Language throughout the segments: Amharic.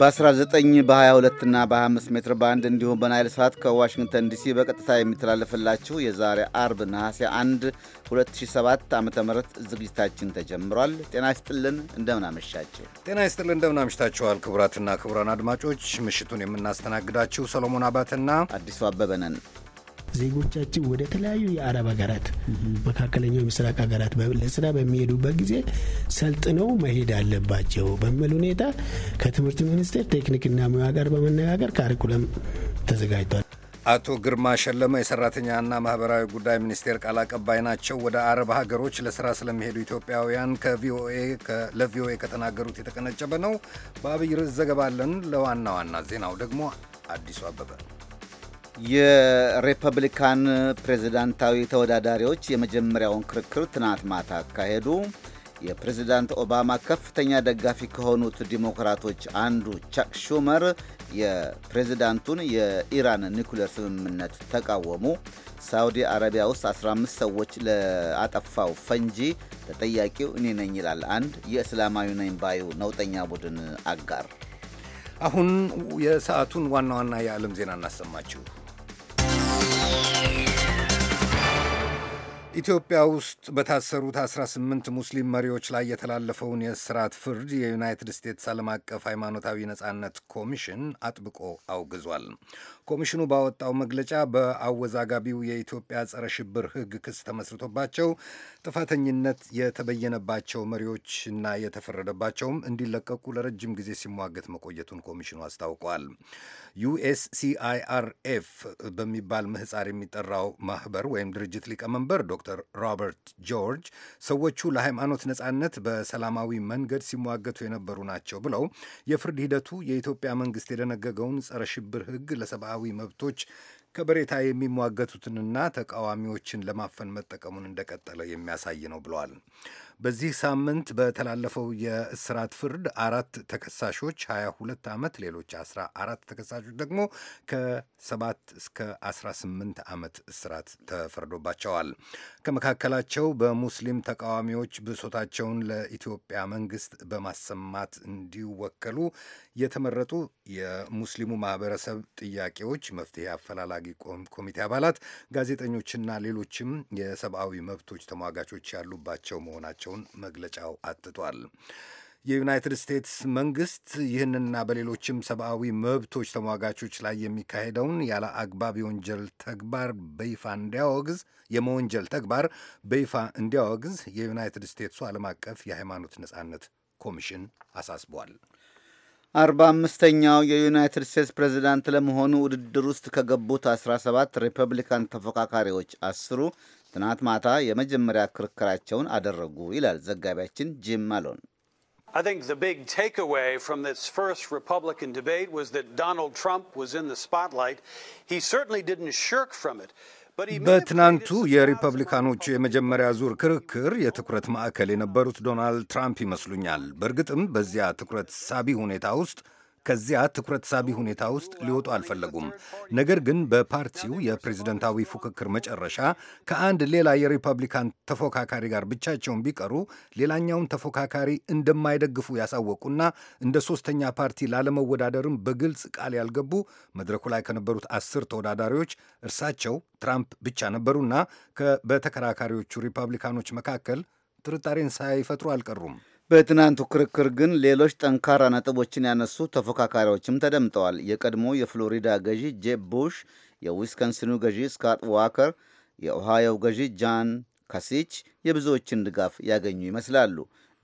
በ19 በ22 እና በ25 ሜትር ባንድ እንዲሁም በናይል ሰዓት ከዋሽንግተን ዲሲ በቀጥታ የሚተላለፍላችሁ የዛሬ አርብ ነሐሴ 1 2007 ዓ ም ዝግጅታችን ተጀምሯል። ጤና ይስጥልን፣ እንደምናመሻችሁ። ጤና ይስጥልን፣ እንደምናመሽታችኋል። ክቡራትና ክቡራን አድማጮች ምሽቱን የምናስተናግዳችሁ ሰሎሞን አባትና አዲሱ አበበ ነን። ዜጎቻችን ወደ ተለያዩ የአረብ ሀገራት፣ መካከለኛው ምስራቅ ሀገራት ለስራ በሚሄዱበት ጊዜ ሰልጥነው መሄድ አለባቸው በሚል ሁኔታ ከትምህርት ሚኒስቴር ቴክኒክና ሙያ ጋር በመነጋገር ካሪኩለም ተዘጋጅቷል። አቶ ግርማ ሸለመ የሰራተኛና ማህበራዊ ጉዳይ ሚኒስቴር ቃል አቀባይ ናቸው። ወደ አረብ ሀገሮች ለስራ ስለሚሄዱ ኢትዮጵያውያን ከቪኦኤ ለቪኦኤ ከተናገሩት የተቀነጨበ ነው። በአብይ ርዕስ ዘገባለን። ለዋና ዋና ዜናው ደግሞ አዲሱ አበበ የሪፐብሊካን ፕሬዝዳንታዊ ተወዳዳሪዎች የመጀመሪያውን ክርክር ትናንት ማታ አካሄዱ። የፕሬዝዳንት ኦባማ ከፍተኛ ደጋፊ ከሆኑት ዲሞክራቶች አንዱ ቻክ ሹመር የፕሬዝዳንቱን የኢራን ኒኩሌር ስምምነት ተቃወሙ። ሳውዲ አረቢያ ውስጥ 15 ሰዎች ለአጠፋው ፈንጂ ተጠያቂው እኔ ነኝ ይላል አንድ የእስላማዊ ነኝ ባዩ ነውጠኛ ቡድን አጋር። አሁን የሰዓቱን ዋና ዋና የዓለም ዜና እናሰማችሁ። ኢትዮጵያ ውስጥ በታሰሩት 18 ሙስሊም መሪዎች ላይ የተላለፈውን የስርዓት ፍርድ የዩናይትድ ስቴትስ ዓለም አቀፍ ሃይማኖታዊ ነጻነት ኮሚሽን አጥብቆ አውግዟል። ኮሚሽኑ ባወጣው መግለጫ በአወዛጋቢው የኢትዮጵያ ጸረ ሽብር ሕግ ክስ ተመስርቶባቸው ጥፋተኝነት የተበየነባቸው መሪዎችና የተፈረደባቸውም እንዲለቀቁ ለረጅም ጊዜ ሲሟገት መቆየቱን ኮሚሽኑ አስታውቋል። ዩኤስሲአይአርኤፍ በሚባል ምህፃር የሚጠራው ማህበር ወይም ድርጅት ሊቀመንበር ዶክተር ሮበርት ጆርጅ ሰዎቹ ለሃይማኖት ነጻነት በሰላማዊ መንገድ ሲሟገቱ የነበሩ ናቸው ብለው የፍርድ ሂደቱ የኢትዮጵያ መንግስት የደነገገውን ጸረ ሽብር ሕግ ለሰብአ ለሰብአዊ መብቶች ከበሬታ የሚሟገቱትንና ተቃዋሚዎችን ለማፈን መጠቀሙን እንደቀጠለ የሚያሳይ ነው ብለዋል። በዚህ ሳምንት በተላለፈው የእስራት ፍርድ አራት ተከሳሾች 22 ዓመት፣ ሌሎች 14 ተከሳሾች ደግሞ ከ7 እስከ 18 ዓመት እስራት ተፈርዶባቸዋል። ከመካከላቸው በሙስሊም ተቃዋሚዎች ብሶታቸውን ለኢትዮጵያ መንግስት በማሰማት እንዲወከሉ የተመረጡ የሙስሊሙ ማህበረሰብ ጥያቄዎች መፍትሄ አፈላላጊ ኮሚቴ አባላት፣ ጋዜጠኞችና ሌሎችም የሰብአዊ መብቶች ተሟጋቾች ያሉባቸው መሆናቸው መሆናቸውን መግለጫው አትቷል። የዩናይትድ ስቴትስ መንግስት ይህንና በሌሎችም ሰብአዊ መብቶች ተሟጋቾች ላይ የሚካሄደውን ያለ አግባብ የወንጀል ተግባር በይፋ እንዲያወግዝ የመወንጀል ተግባር በይፋ እንዲያወግዝ የዩናይትድ ስቴትሱ ዓለም አቀፍ የሃይማኖት ነጻነት ኮሚሽን አሳስቧል። አርባ አምስተኛው የዩናይትድ ስቴትስ ፕሬዚዳንት ለመሆኑ ውድድር ውስጥ ከገቡት 17 ሪፐብሊካን ተፎካካሪዎች አስሩ ትናንት ማታ የመጀመሪያ ክርክራቸውን አደረጉ ይላል ዘጋቢያችን ጂም ማሎን። በትናንቱ የሪፐብሊካኖቹ የመጀመሪያ ዙር ክርክር የትኩረት ማዕከል የነበሩት ዶናልድ ትራምፕ ይመስሉኛል። በእርግጥም በዚያ ትኩረት ሳቢ ሁኔታ ውስጥ ከዚያ ትኩረት ሳቢ ሁኔታ ውስጥ ሊወጡ አልፈለጉም። ነገር ግን በፓርቲው የፕሬዝደንታዊ ፉክክር መጨረሻ ከአንድ ሌላ የሪፐብሊካን ተፎካካሪ ጋር ብቻቸውን ቢቀሩ ሌላኛውን ተፎካካሪ እንደማይደግፉ ያሳወቁና እንደ ሶስተኛ ፓርቲ ላለመወዳደርም በግልጽ ቃል ያልገቡ መድረኩ ላይ ከነበሩት አስር ተወዳዳሪዎች እርሳቸው ትራምፕ ብቻ ነበሩና በተከራካሪዎቹ ሪፐብሊካኖች መካከል ጥርጣሬን ሳይፈጥሩ አልቀሩም። በትናንቱ ክርክር ግን ሌሎች ጠንካራ ነጥቦችን ያነሱ ተፎካካሪዎችም ተደምጠዋል። የቀድሞ የፍሎሪዳ ገዢ ጄብ ቡሽ፣ የዊስኮንሲኑ ገዢ ስካት ዋከር፣ የኦሃዮው ገዢ ጃን ካሲች የብዙዎችን ድጋፍ ያገኙ ይመስላሉ።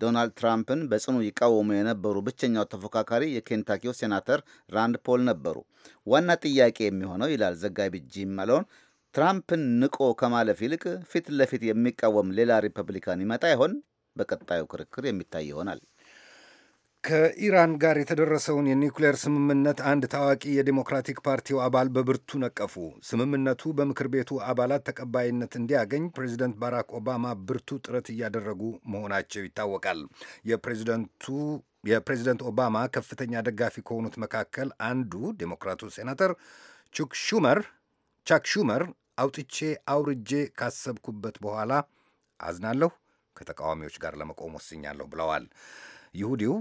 ዶናልድ ትራምፕን በጽኑ ይቃወሙ የነበሩ ብቸኛው ተፎካካሪ የኬንታኪው ሴናተር ራንድ ፖል ነበሩ። ዋና ጥያቄ የሚሆነው ይላል ዘጋቢ ጂም መሎን፣ ትራምፕን ንቆ ከማለፍ ይልቅ ፊት ለፊት የሚቃወም ሌላ ሪፐብሊካን ይመጣ ይሆን በቀጣዩ ክርክር የሚታይ ይሆናል። ከኢራን ጋር የተደረሰውን የኒውክሌር ስምምነት አንድ ታዋቂ የዴሞክራቲክ ፓርቲው አባል በብርቱ ነቀፉ። ስምምነቱ በምክር ቤቱ አባላት ተቀባይነት እንዲያገኝ ፕሬዚደንት ባራክ ኦባማ ብርቱ ጥረት እያደረጉ መሆናቸው ይታወቃል። የፕሬዚደንቱ የፕሬዚደንት ኦባማ ከፍተኛ ደጋፊ ከሆኑት መካከል አንዱ ዴሞክራቱ ሴናተር ቹክ ሹመር ቻክ ሹመር አውጥቼ አውርጄ ካሰብኩበት በኋላ አዝናለሁ ከተቃዋሚዎች ጋር ለመቆም ወስኛለሁ ብለዋል። ይሁዲው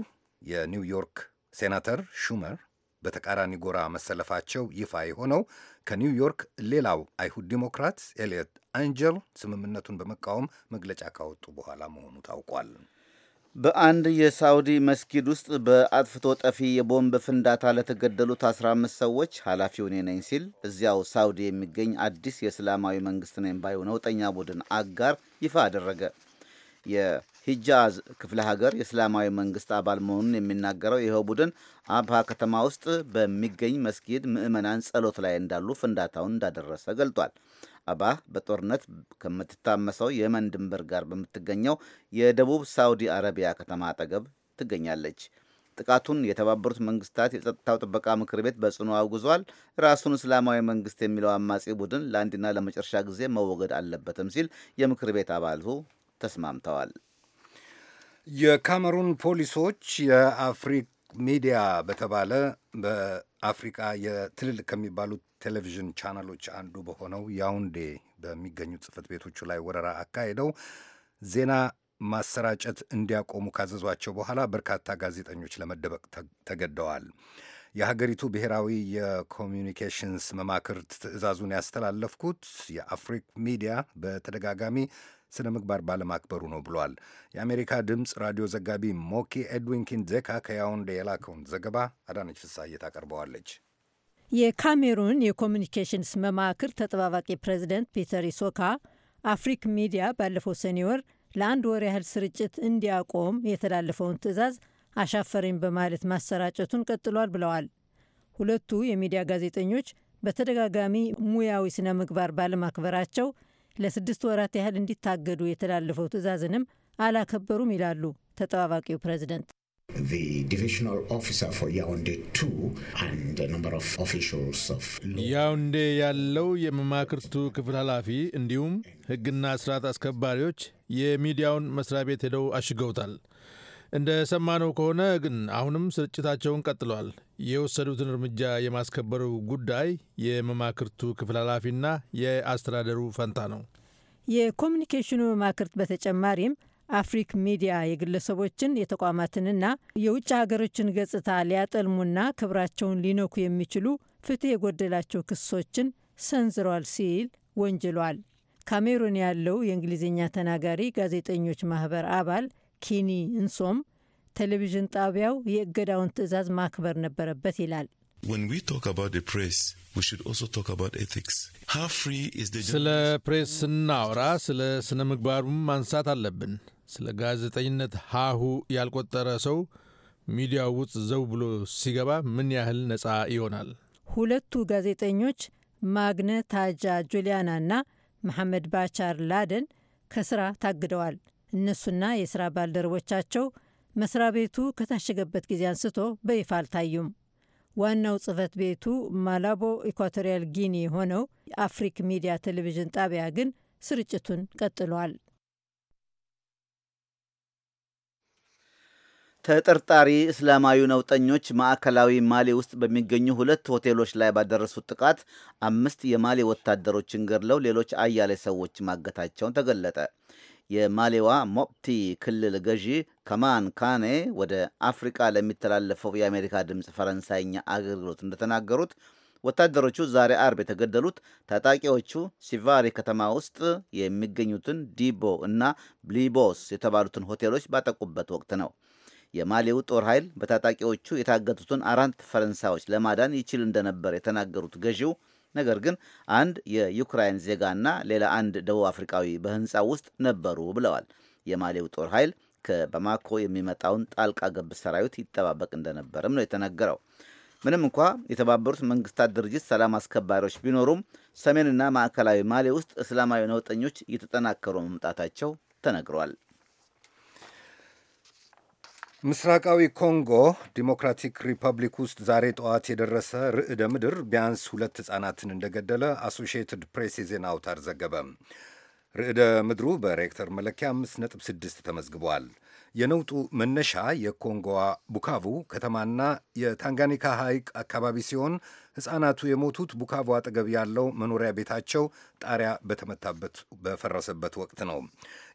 የኒውዮርክ ሴናተር ሹመር በተቃራኒ ጎራ መሰለፋቸው ይፋ የሆነው ከኒውዮርክ ሌላው አይሁድ ዲሞክራት ኤልየት አንጀል ስምምነቱን በመቃወም መግለጫ ካወጡ በኋላ መሆኑ ታውቋል። በአንድ የሳውዲ መስጊድ ውስጥ በአጥፍቶ ጠፊ የቦምብ ፍንዳታ ለተገደሉት 15 ሰዎች ኃላፊው እኔ ነኝ ሲል እዚያው ሳውዲ የሚገኝ አዲስ የእስላማዊ መንግስት ነኝ ባይ ነውጠኛ ቡድን አጋር ይፋ አደረገ። የሂጃዝ ክፍለ ሀገር የእስላማዊ መንግስት አባል መሆኑን የሚናገረው ይኸው ቡድን አብሃ ከተማ ውስጥ በሚገኝ መስጊድ ምዕመናን ጸሎት ላይ እንዳሉ ፍንዳታውን እንዳደረሰ ገልጧል። አብሃ በጦርነት ከምትታመሰው የመን ድንበር ጋር በምትገኘው የደቡብ ሳውዲ አረቢያ ከተማ አጠገብ ትገኛለች። ጥቃቱን የተባበሩት መንግስታት የጸጥታው ጥበቃ ምክር ቤት በጽኑ አውግዟል። ራሱን እስላማዊ መንግስት የሚለው አማጺ ቡድን ለአንድና ለመጨረሻ ጊዜ መወገድ አለበትም ሲል የምክር ቤት አባሉ ተስማምተዋል። የካሜሩን ፖሊሶች የአፍሪክ ሚዲያ በተባለ በአፍሪቃ የትልልቅ ከሚባሉት ቴሌቪዥን ቻናሎች አንዱ በሆነው ያውንዴ በሚገኙ ጽህፈት ቤቶቹ ላይ ወረራ አካሄደው ዜና ማሰራጨት እንዲያቆሙ ካዘዟቸው በኋላ በርካታ ጋዜጠኞች ለመደበቅ ተገደዋል። የሀገሪቱ ብሔራዊ የኮሚኒኬሽንስ መማክርት ትዕዛዙን ያስተላለፍኩት የአፍሪክ ሚዲያ በተደጋጋሚ ስነ ምግባር ባለማክበሩ ነው ብሏል። የአሜሪካ ድምፅ ራዲዮ ዘጋቢ ሞኪ ኤድዊን ኪንዜካ ከያውንዴ የላከውን ዘገባ አዳነች ፍሳዬ ታቀርበዋለች። የካሜሩን የኮሚኒኬሽንስ መማክር ተጠባባቂ ፕሬዚደንት ፒተር ኢሶካ አፍሪክ ሚዲያ ባለፈው ሰኔ ወር ለአንድ ወር ያህል ስርጭት እንዲያቆም የተላለፈውን ትዕዛዝ አሻፈረኝ በማለት ማሰራጨቱን ቀጥሏል ብለዋል። ሁለቱ የሚዲያ ጋዜጠኞች በተደጋጋሚ ሙያዊ ስነ ምግባር ባለማክበራቸው ለስድስት ወራት ያህል እንዲታገዱ የተላለፈው ትዕዛዝንም አላከበሩም ይላሉ ተጠባባቂው ፕሬዝደንት። ያውንዴ ያለው የመማክርቱ ክፍል ኃላፊ እንዲሁም ሕግና ስርዓት አስከባሪዎች የሚዲያውን መስሪያ ቤት ሄደው አሽገውታል። እንደ ሰማነው ከሆነ ግን አሁንም ስርጭታቸውን ቀጥሏል የወሰዱትን እርምጃ የማስከበሩ ጉዳይ የመማክርቱ ክፍል ኃላፊና የአስተዳደሩ ፈንታ ነው። የኮሚኒኬሽኑ መማክርት በተጨማሪም አፍሪክ ሚዲያ የግለሰቦችን የተቋማትንና የውጭ ሀገሮችን ገጽታ ሊያጠልሙና ክብራቸውን ሊነኩ የሚችሉ ፍትሕ የጎደላቸው ክሶችን ሰንዝሯል ሲል ወንጅሏል። ካሜሩን ያለው የእንግሊዝኛ ተናጋሪ ጋዜጠኞች ማህበር አባል ኪኒ እንሶም ቴሌቪዥን ጣቢያው የእገዳውን ትዕዛዝ ማክበር ነበረበት ይላል። ስለ ፕሬስ ስናወራ ስለ ስነ ምግባሩም ማንሳት አለብን። ስለ ጋዜጠኝነት ሃሁ ያልቆጠረ ሰው ሚዲያው ውስጥ ዘው ብሎ ሲገባ ምን ያህል ነፃ ይሆናል? ሁለቱ ጋዜጠኞች ማግነ ታጃ ጁሊያና እና መሐመድ ባቻር ላደን ከስራ ታግደዋል። እነሱና የሥራ ባልደረቦቻቸው መስሪያ ቤቱ ከታሸገበት ጊዜ አንስቶ በይፋ አልታዩም። ዋናው ጽህፈት ቤቱ ማላቦ ኢኳቶሪያል ጊኒ የሆነው የአፍሪክ ሚዲያ ቴሌቪዥን ጣቢያ ግን ስርጭቱን ቀጥሏል። ተጠርጣሪ እስላማዊ ነውጠኞች ማዕከላዊ ማሌ ውስጥ በሚገኙ ሁለት ሆቴሎች ላይ ባደረሱት ጥቃት አምስት የማሌ ወታደሮችን ገድለው ሌሎች አያሌ ሰዎች ማገታቸውን ተገለጠ። የማሌዋ ሞፕቲ ክልል ገዢ ከማን ካኔ ወደ አፍሪቃ ለሚተላለፈው የአሜሪካ ድምፅ ፈረንሳይኛ አገልግሎት እንደተናገሩት ወታደሮቹ ዛሬ አርብ የተገደሉት ታጣቂዎቹ ሲቫሪ ከተማ ውስጥ የሚገኙትን ዲቦ እና ብሊቦስ የተባሉትን ሆቴሎች ባጠቁበት ወቅት ነው። የማሌው ጦር ኃይል በታጣቂዎቹ የታገቱትን አራት ፈረንሳዮች ለማዳን ይችል እንደነበር የተናገሩት ገዢው ነገር ግን አንድ የዩክራይን ዜጋና ሌላ አንድ ደቡብ አፍሪካዊ በህንፃ ውስጥ ነበሩ ብለዋል። የማሌው ጦር ኃይል ከባማኮ የሚመጣውን ጣልቃ ገብ ሰራዊት ይጠባበቅ እንደነበርም ነው የተነገረው። ምንም እንኳ የተባበሩት መንግስታት ድርጅት ሰላም አስከባሪዎች ቢኖሩም ሰሜንና ማዕከላዊ ማሌ ውስጥ እስላማዊ ነውጠኞች እየተጠናከሩ መምጣታቸው ተነግሯል። ምስራቃዊ ኮንጎ ዲሞክራቲክ ሪፐብሊክ ውስጥ ዛሬ ጠዋት የደረሰ ርዕደ ምድር ቢያንስ ሁለት ሕፃናትን እንደገደለ አሶሺየትድ ፕሬስ የዜና አውታር ዘገበ። ርዕደ ምድሩ በሬክተር መለኪያ 5.6 ተመዝግቧል። የነውጡ መነሻ የኮንጎዋ ቡካቡ ከተማና የታንጋኒካ ሐይቅ አካባቢ ሲሆን ሕፃናቱ የሞቱት ቡካቡ አጠገብ ያለው መኖሪያ ቤታቸው ጣሪያ በተመታበት በፈረሰበት ወቅት ነው።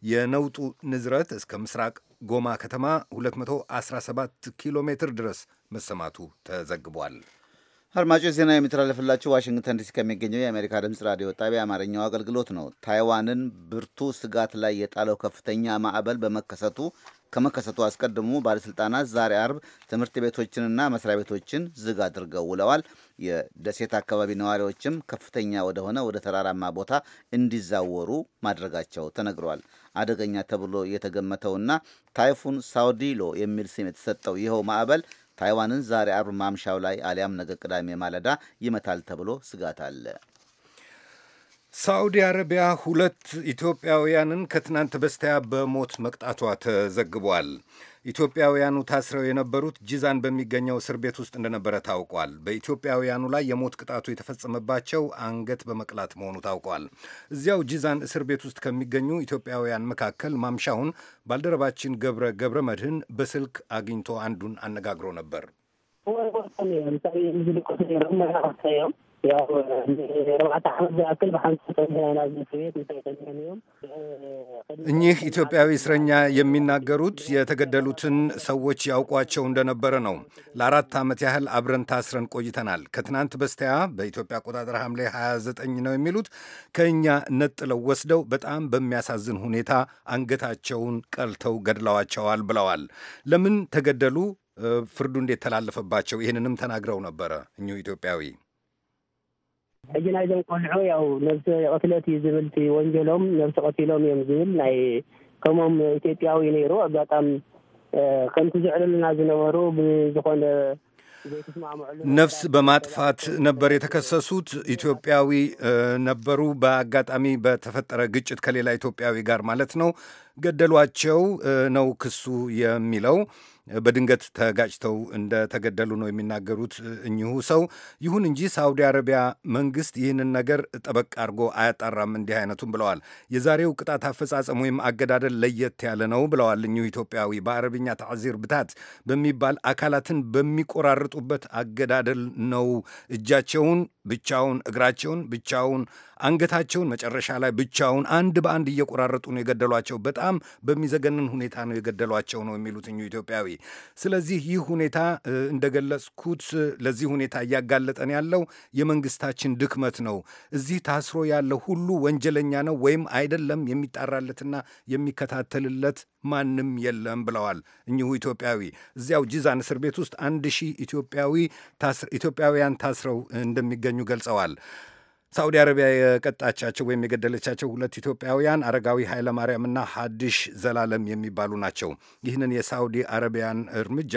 የነውጡ ንዝረት እስከ ምስራቅ ጎማ ከተማ 217 ኪሎ ሜትር ድረስ መሰማቱ ተዘግቧል። አድማጮች ዜና የሚተላለፍላችሁ ዋሽንግተን ዲሲ ከሚገኘው የአሜሪካ ድምፅ ራዲዮ ጣቢያ አማርኛው አገልግሎት ነው። ታይዋንን ብርቱ ስጋት ላይ የጣለው ከፍተኛ ማዕበል በመከሰቱ ከመከሰቱ አስቀድሞ ባለሥልጣናት ዛሬ አርብ ትምህርት ቤቶችንና መስሪያ ቤቶችን ዝግ አድርገው ውለዋል። የደሴት አካባቢ ነዋሪዎችም ከፍተኛ ወደሆነ ወደ ተራራማ ቦታ እንዲዛወሩ ማድረጋቸው ተነግረዋል። አደገኛ ተብሎ የተገመተውና ታይፉን ሳውዲሎ የሚል ስም የተሰጠው ይኸው ማዕበል ታይዋንን ዛሬ አርብ ማምሻው ላይ አሊያም ነገ ቅዳሜ ማለዳ ይመታል ተብሎ ስጋት አለ። ሳዑዲ አረቢያ ሁለት ኢትዮጵያውያንን ከትናንት በስቲያ በሞት መቅጣቷ ተዘግቧል። ኢትዮጵያውያኑ ታስረው የነበሩት ጂዛን በሚገኘው እስር ቤት ውስጥ እንደነበረ ታውቋል። በኢትዮጵያውያኑ ላይ የሞት ቅጣቱ የተፈጸመባቸው አንገት በመቅላት መሆኑ ታውቋል። እዚያው ጂዛን እስር ቤት ውስጥ ከሚገኙ ኢትዮጵያውያን መካከል ማምሻውን ባልደረባችን ገብረ ገብረ መድህን በስልክ አግኝቶ አንዱን አነጋግሮ ነበር። እኚህ ኢትዮጵያዊ እስረኛ የሚናገሩት የተገደሉትን ሰዎች ያውቋቸው እንደነበረ ነው። ለአራት ዓመት ያህል አብረን ታስረን ቆይተናል። ከትናንት በስቲያ በኢትዮጵያ አቆጣጠር ሐምሌ 29 ነው የሚሉት ከእኛ ነጥለው ወስደው በጣም በሚያሳዝን ሁኔታ አንገታቸውን ቀልተው ገድለዋቸዋል ብለዋል። ለምን ተገደሉ? ፍርዱ እንዴት ተላለፈባቸው? ይህንንም ተናግረው ነበረ እኚሁ ኢትዮጵያዊ ሕጂ ናይ ዞም ቆልዑ ያው ነብሲ ቅትለት እዩ ዝብል ቲ ወንጀሎም ነብሲ ቀቲሎም እዮም ዝብል ናይ ከምኦም ኢትዮጵያዊ ነይሩ ኣጋጣሚ ከምቲ ዝዕልልና ዝነበሩ ብዝኾነ ነፍስ በማጥፋት ነበር የተከሰሱት። ኢትዮጵያዊ ነበሩ። በአጋጣሚ በተፈጠረ ግጭት ከሌላ ኢትዮጵያዊ ጋር ማለት ነው ገደሏቸው ነው ክሱ የሚለው። በድንገት ተጋጭተው እንደተገደሉ ነው የሚናገሩት እኚሁ ሰው። ይሁን እንጂ ሳውዲ አረቢያ መንግስት ይህንን ነገር ጠበቅ አድርጎ አያጣራም እንዲህ አይነቱም ብለዋል። የዛሬው ቅጣት አፈጻጸም ወይም አገዳደል ለየት ያለ ነው ብለዋል እኚሁ ኢትዮጵያዊ። በአረብኛ ተዕዚር ብታት በሚባል አካላትን በሚቆራርጡበት አገዳደል ነው እጃቸውን ብቻውን፣ እግራቸውን ብቻውን፣ አንገታቸውን መጨረሻ ላይ ብቻውን አንድ በአንድ እየቆራረጡ ነው የገደሏቸው። በጣም በሚዘገንን ሁኔታ ነው የገደሏቸው ነው የሚሉት እኚሁ ኢትዮጵያዊ። ስለዚህ ይህ ሁኔታ እንደገለጽኩት ለዚህ ሁኔታ እያጋለጠን ያለው የመንግስታችን ድክመት ነው። እዚህ ታስሮ ያለ ሁሉ ወንጀለኛ ነው ወይም አይደለም፣ የሚጣራለትና የሚከታተልለት ማንም የለም ብለዋል እኚሁ ኢትዮጵያዊ። እዚያው ጂዛን እስር ቤት ውስጥ አንድ ሺህ ኢትዮጵያዊ ኢትዮጵያውያን ታስረው እንደሚገኙ ገልጸዋል። ሳዑዲ አረቢያ የቀጣቻቸው ወይም የገደለቻቸው ሁለት ኢትዮጵያውያን አረጋዊ ኃይለማርያምና ሀዲሽ ዘላለም የሚባሉ ናቸው። ይህንን የሳዑዲ አረቢያን እርምጃ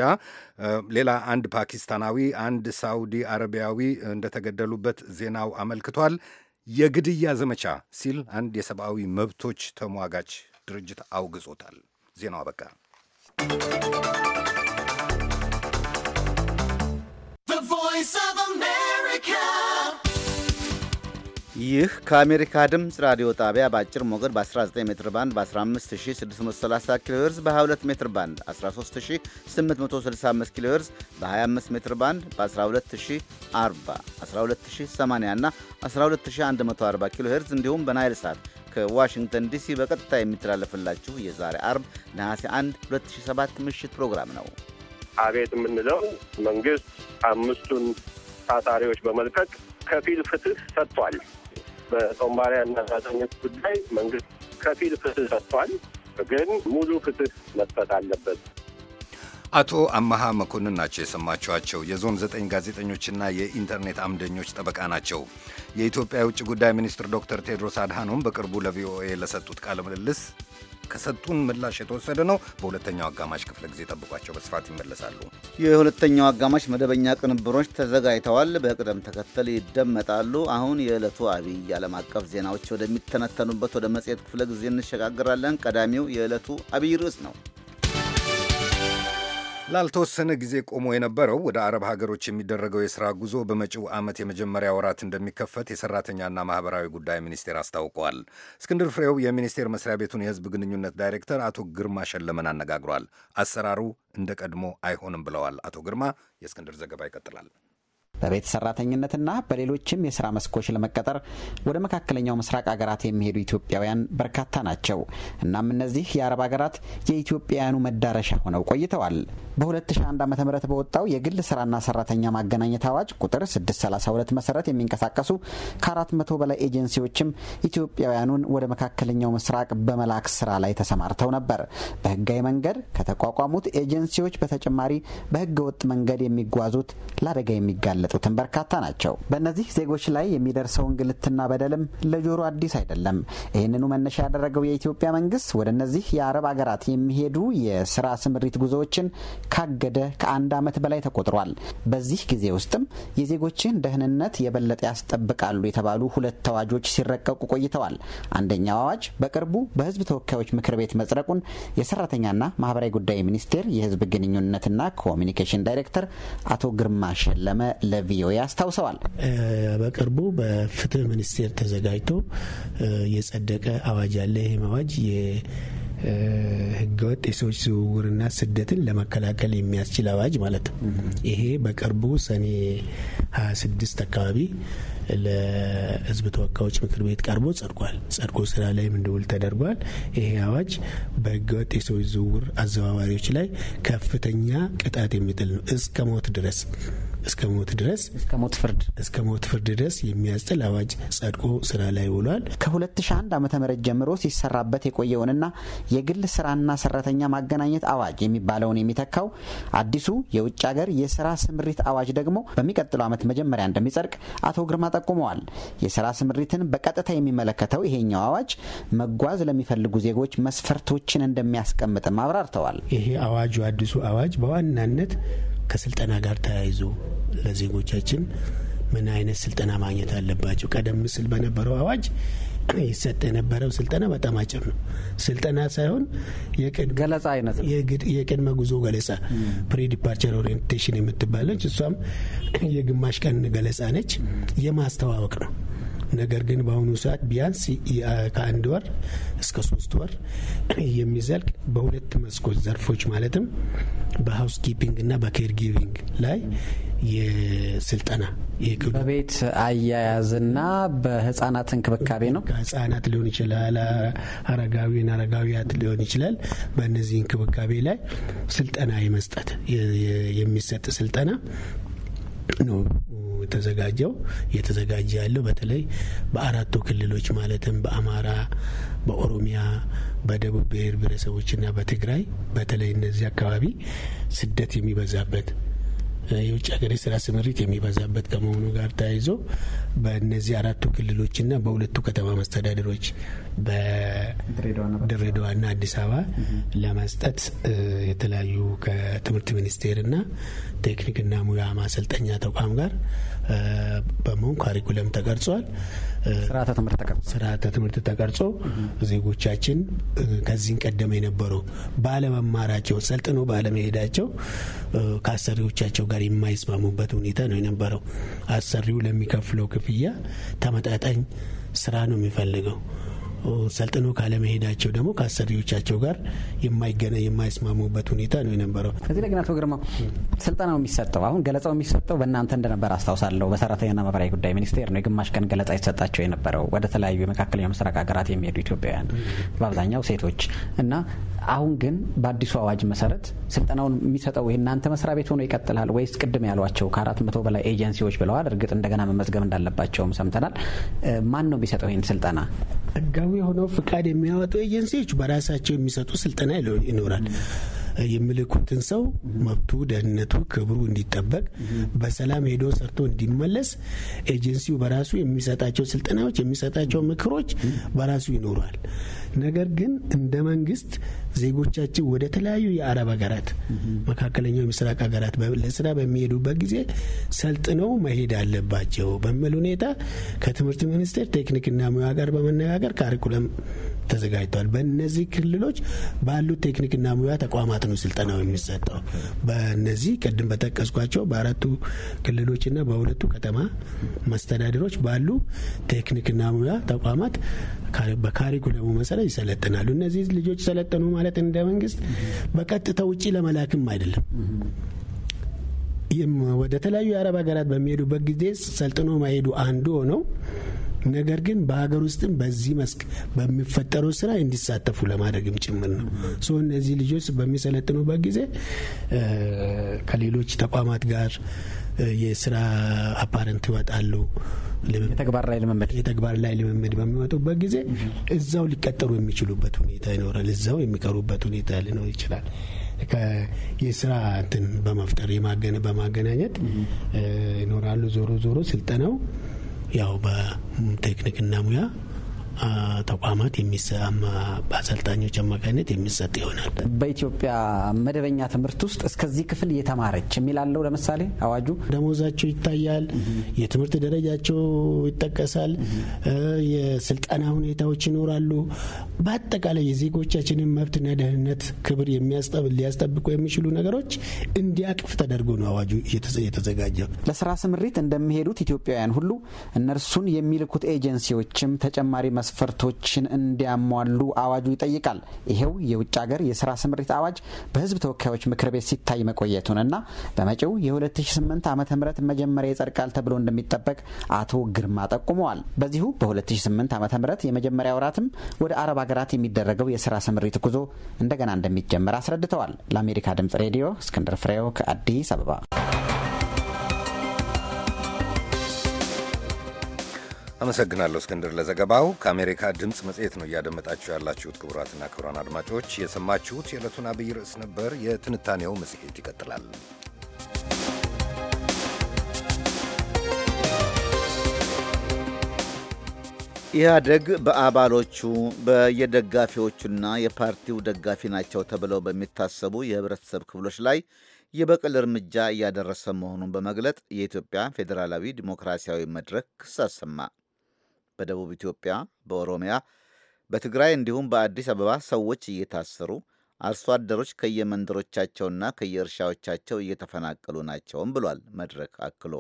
ሌላ አንድ ፓኪስታናዊ፣ አንድ ሳዑዲ አረቢያዊ እንደተገደሉበት ዜናው አመልክቷል። የግድያ ዘመቻ ሲል አንድ የሰብአዊ መብቶች ተሟጋች ድርጅት አውግዞታል። ዜናው አበቃ። ይህ ከአሜሪካ ድምፅ ራዲዮ ጣቢያ በአጭር ሞገድ በ19 ሜትር ባንድ በ15630 ኪሎ ሄርዝ በ22 ሜትር ባንድ 13865 ኪሎ ሄርዝ በ25 ሜትር ባንድ በ12040 12080 እና 12140 ኪሎ ሄርዝ እንዲሁም በናይል ሳት ከዋሽንግተን ዲሲ በቀጥታ የሚተላለፍላችሁ የዛሬ አርብ ነሐሴ 1 2007 ምሽት ፕሮግራም ነው። አቤት የምንለው መንግስት አምስቱን ታሳሪዎች በመልቀቅ ከፊል ፍትህ ሰጥቷል። በጦማሪያን እና ጋዜጠኞች ጉዳይ መንግስት ከፊል ፍትህ ሰጥቷል፣ ግን ሙሉ ፍትህ መስጠት አለበት። አቶ አመሃ መኮንን ናቸው የሰማችኋቸው። የዞን ዘጠኝ ጋዜጠኞችና የኢንተርኔት አምደኞች ጠበቃ ናቸው። የኢትዮጵያ የውጭ ጉዳይ ሚኒስትር ዶክተር ቴድሮስ አድሃኖም በቅርቡ ለቪኦኤ ለሰጡት ቃለ ምልልስ ከሰጡን ምላሽ የተወሰደ ነው። በሁለተኛው አጋማሽ ክፍለ ጊዜ ጠብቋቸው፣ በስፋት ይመለሳሉ። የሁለተኛው አጋማሽ መደበኛ ቅንብሮች ተዘጋጅተዋል፣ በቅደም ተከተል ይደመጣሉ። አሁን የዕለቱ አብይ ዓለም አቀፍ ዜናዎች ወደሚተነተኑበት ወደ መጽሔት ክፍለ ጊዜ እንሸጋግራለን። ቀዳሚው የዕለቱ አብይ ርዕስ ነው። ላልተወሰነ ጊዜ ቆሞ የነበረው ወደ አረብ ሀገሮች የሚደረገው የሥራ ጉዞ በመጪው ዓመት የመጀመሪያ ወራት እንደሚከፈት የሠራተኛና ማኅበራዊ ጉዳይ ሚኒስቴር አስታውቋል። እስክንድር ፍሬው የሚኒስቴር መስሪያ ቤቱን የሕዝብ ግንኙነት ዳይሬክተር አቶ ግርማ ሸለመን አነጋግሯል። አሰራሩ እንደ ቀድሞ አይሆንም ብለዋል አቶ ግርማ። የእስክንድር ዘገባ ይቀጥላል። በቤት ሰራተኝነትና በሌሎችም የስራ መስኮች ለመቀጠር ወደ መካከለኛው ምስራቅ አገራት የሚሄዱ ኢትዮጵያውያን በርካታ ናቸው። እናም እነዚህ የአረብ አገራት የኢትዮጵያውያኑ መዳረሻ ሆነው ቆይተዋል። በ2001 ዓ.ም በወጣው የግል ስራና ሰራተኛ ማገናኘት አዋጅ ቁጥር 632 መሰረት የሚንቀሳቀሱ ከ400 በላይ ኤጀንሲዎችም ኢትዮጵያውያኑን ወደ መካከለኛው ምስራቅ በመላክ ስራ ላይ ተሰማርተው ነበር። በህጋዊ መንገድ ከተቋቋሙት ኤጀንሲዎች በተጨማሪ በህገ ወጥ መንገድ የሚጓዙት ለአደጋ የሚጋለ የተገለጡትም በርካታ ናቸው። በእነዚህ ዜጎች ላይ የሚደርሰው እንግልትና በደልም ለጆሮ አዲስ አይደለም። ይህንኑ መነሻ ያደረገው የኢትዮጵያ መንግስት ወደ እነዚህ የአረብ አገራት የሚሄዱ የስራ ስምሪት ጉዞዎችን ካገደ ከአንድ ዓመት በላይ ተቆጥሯል። በዚህ ጊዜ ውስጥም የዜጎችን ደህንነት የበለጠ ያስጠብቃሉ የተባሉ ሁለት አዋጆች ሲረቀቁ ቆይተዋል። አንደኛው አዋጅ በቅርቡ በህዝብ ተወካዮች ምክር ቤት መጽረቁን የሰራተኛና ማህበራዊ ጉዳይ ሚኒስቴር የህዝብ ግንኙነትና ኮሚኒኬሽን ዳይሬክተር አቶ ግርማ ሸለመ ለቪኦኤ አስታውሰዋል። በቅርቡ በፍትህ ሚኒስቴር ተዘጋጅቶ የጸደቀ አዋጅ አለ። ይህም አዋጅ ህገወጥ የሰዎች ዝውውርና ስደትን ለመከላከል የሚያስችል አዋጅ ማለት ነው። ይሄ በቅርቡ ሰኔ 26 አካባቢ ለህዝብ ተወካዮች ምክር ቤት ቀርቦ ጸድቋል። ጸድቆ ስራ ላይም እንዲውል ተደርጓል። ይሄ አዋጅ በህገወጥ የሰዎች ዝውውር አዘዋዋሪዎች ላይ ከፍተኛ ቅጣት የሚጥል ነው እስከ ሞት ድረስ እስከ ሞት ድረስ እስከ ሞት ፍርድ እስከ ሞት ፍርድ ድረስ የሚያስጥል አዋጅ ጸድቆ ስራ ላይ ውሏል። ከ2001 ዓ ም ጀምሮ ሲሰራበት የቆየውንና የግል ስራና ሰራተኛ ማገናኘት አዋጅ የሚባለውን የሚተካው አዲሱ የውጭ ሀገር የስራ ስምሪት አዋጅ ደግሞ በሚቀጥለው ዓመት መጀመሪያ እንደሚጸድቅ አቶ ግርማ ጠቁመዋል። የስራ ስምሪትን በቀጥታ የሚመለከተው ይሄኛው አዋጅ መጓዝ ለሚፈልጉ ዜጎች መስፈርቶችን እንደሚያስቀምጥም አብራርተዋል። ይሄ አዋጁ አዲሱ አዋጅ በዋናነት ከስልጠና ጋር ተያይዞ ለዜጎቻችን ምን አይነት ስልጠና ማግኘት አለባቸው? ቀደም ሲል በነበረው አዋጅ ይሰጥ የነበረው ስልጠና በጣም አጭር ነው። ስልጠና ሳይሆን ገለጻ አይነት ነው። የቅድመ ጉዞ ገለጻ ፕሪ ዲፓርቸር ኦሪየንቴሽን የምትባለች እሷም የግማሽ ቀን ገለጻ ነች። የማስተዋወቅ ነው ነገር ግን በአሁኑ ሰዓት ቢያንስ ከአንድ ወር እስከ ሶስት ወር የሚዘልቅ በሁለት መስኮች ዘርፎች ማለትም በሀውስ ኪፒንግ እና በኬር ጊቪንግ ላይ የስልጠና በቤት አያያዝና በህጻናት እንክብካቤ ነው። ህጻናት ሊሆን ይችላል፣ አረጋዊን አረጋዊያት ሊሆን ይችላል። በእነዚህ እንክብካቤ ላይ ስልጠና የመስጠት የሚሰጥ ስልጠና ነው ተዘጋጀው እየተዘጋጀ ያለው በተለይ በአራቱ ክልሎች ማለትም በአማራ፣ በኦሮሚያ፣ በደቡብ ብሔር ብሔረሰቦችና በትግራይ በተለይ እነዚህ አካባቢ ስደት የሚበዛበት የውጭ ሀገር የስራ ስምሪት የሚበዛበት ከመሆኑ ጋር ተያይዞ በእነዚህ አራቱ ክልሎችና በሁለቱ ከተማ መስተዳደሮች በድሬዳዋና አዲስ አበባ ለመስጠት የተለያዩ ከትምህርት ሚኒስቴርና ቴክኒክና ሙያ ማሰልጠኛ ተቋም ጋር በመሆን ካሪኩለም ተቀርጿል። ስርዓተ ትምህርት ተቀርጾ ዜጎቻችን ከዚህን ቀደም የነበረው ባለመማራቸው ሰልጥኖ ባለመሄዳቸው ከአሰሪዎቻቸው ጋር የማይስማሙበት ሁኔታ ነው የነበረው። አሰሪው ለሚከፍለው ክፍያ ተመጣጣኝ ስራ ነው የሚፈልገው። ሰልጥነው ካለመሄዳቸው ደግሞ ከአሰሪዎቻቸው ጋር የማይገነ የማይስማሙበት ሁኔታ ነው የነበረው። እዚህ ላይ ግን አቶ ግርማ ስልጠናው የሚሰጠው አሁን ገለጻው የሚሰጠው በእናንተ እንደነበር አስታውሳለሁ። በሰራተኛና ማህበራዊ ጉዳይ ሚኒስቴር ነው የግማሽ ቀን ገለጻ የተሰጣቸው የነበረው ወደ ተለያዩ የመካከለኛው ምስራቅ ሀገራት የሚሄዱ ኢትዮጵያውያን በአብዛኛው ሴቶች እና አሁን ግን በአዲሱ አዋጅ መሰረት ስልጠናውን የሚሰጠው እናንተ መስሪያ ቤት ሆኖ ይቀጥላል ወይስ ቅድም ያሏቸው ከአራት መቶ በላይ ኤጀንሲዎች ብለዋል። እርግጥ እንደገና መመዝገብ እንዳለባቸውም ሰምተናል። ማን ነው የሚሰጠው ይህን ስልጠና? ባህላዊ የሆነው ፍቃድ የሚያወጡ ኤጀንሲዎች በራሳቸው የሚሰጡ ስልጠና ይኖራል። የሚልኩትን ሰው መብቱ፣ ደህንነቱ፣ ክብሩ እንዲጠበቅ በሰላም ሄዶ ሰርቶ እንዲመለስ ኤጀንሲው በራሱ የሚሰጣቸው ስልጠናዎች፣ የሚሰጣቸው ምክሮች በራሱ ይኖራል። ነገር ግን እንደ መንግስት ዜጎቻችን ወደ ተለያዩ የአረብ ሀገራት፣ መካከለኛው ምስራቅ ሀገራት ለስራ በሚሄዱበት ጊዜ ሰልጥነው መሄድ አለባቸው በሚል ሁኔታ ከትምህርት ሚኒስቴር ቴክኒክና ሙያ ጋር በመነጋገር ካሪኩለም ተዘጋጅተዋል። በእነዚህ ክልሎች ባሉት ቴክኒክና ሙያ ተቋማት ነው ስልጠናው የሚሰጠው። በእነዚህ ቅድም በጠቀስኳቸው በአራቱ ክልሎችና በሁለቱ ከተማ መስተዳድሮች ባሉ ቴክኒክና ሙያ ተቋማት በካሪኩለሙ መሰረት ይሰለጥናሉ። እነዚህ ልጆች ሰለጠኑ ማለት እንደ መንግስት በቀጥታ ውጪ ለመላክም አይደለም። ወደ ተለያዩ የአረብ ሀገራት በሚሄዱበት ጊዜ ሰልጥኖ ማሄዱ አንዱ ሆነው ነገር ግን በሀገር ውስጥም በዚህ መስክ በሚፈጠረው ስራ እንዲሳተፉ ለማድረግም ጭምር ነው። ሶ እነዚህ ልጆች በሚሰለጥኑበት ጊዜ ከሌሎች ተቋማት ጋር የስራ አፓረንት ይወጣሉ። የተግባር ላይ ልምምድ የተግባር ላይ ልምምድ በሚወጡበት ጊዜ እዛው ሊቀጠሩ የሚችሉበት ሁኔታ ይኖራል። እዛው የሚቀሩበት ሁኔታ ሊኖር ይችላል። የስራ እንትን በመፍጠር በማገናኘት ይኖራሉ። ዞሮ ዞሮ ስልጠናው ያው በቴክኒክና ሙያ ተቋማት በአሰልጣኞች አማካኝነት የሚሰጥ ይሆናል። በኢትዮጵያ መደበኛ ትምህርት ውስጥ እስከዚህ ክፍል የተማረች የሚላለው ለምሳሌ አዋጁ ደሞዛቸው ይታያል፣ የትምህርት ደረጃቸው ይጠቀሳል፣ የስልጠና ሁኔታዎች ይኖራሉ። በአጠቃላይ የዜጎቻችንን መብትና ደህንነት ክብር ሊያስጠብቁ የሚችሉ ነገሮች እንዲያቅፍ ተደርጎ ነው አዋጁ የተዘጋጀው። ለስራ ስምሪት እንደሚሄዱት ኢትዮጵያውያን ሁሉ እነርሱን የሚልኩት ኤጀንሲዎችም ተጨማሪ መ መስፈርቶችን እንዲያሟሉ አዋጁ ይጠይቃል። ይሄው የውጭ ሀገር የስራ ስምሪት አዋጅ በህዝብ ተወካዮች ምክር ቤት ሲታይ መቆየቱንና በመጪው የ2008 ዓ ም መጀመሪያ ይጸድቃል ተብሎ እንደሚጠበቅ አቶ ግርማ ጠቁመዋል። በዚሁ በ2008 ዓ ም የመጀመሪያ ወራትም ወደ አረብ ሀገራት የሚደረገው የስራ ስምሪት ጉዞ እንደገና እንደሚጀመር አስረድተዋል። ለአሜሪካ ድምጽ ሬዲዮ እስክንድር ፍሬው ከአዲስ አበባ አመሰግናለሁ እስክንድር ለዘገባው። ከአሜሪካ ድምፅ መጽሔት ነው እያደመጣችሁ ያላችሁት። ክቡራትና ክቡራን አድማጮች የሰማችሁት የዕለቱን አብይ ርዕስ ነበር። የትንታኔው መጽሔት ይቀጥላል። ኢህአደግ በአባሎቹ በየደጋፊዎቹና የፓርቲው ደጋፊ ናቸው ተብለው በሚታሰቡ የህብረተሰብ ክፍሎች ላይ የበቀል እርምጃ እያደረሰ መሆኑን በመግለጥ የኢትዮጵያ ፌዴራላዊ ዲሞክራሲያዊ መድረክ ክስ አሰማ። በደቡብ ኢትዮጵያ፣ በኦሮሚያ፣ በትግራይ እንዲሁም በአዲስ አበባ ሰዎች እየታሰሩ አርሶ አደሮች ከየመንደሮቻቸውና ከየእርሻዎቻቸው እየተፈናቀሉ ናቸውም ብሏል መድረክ አክሎ።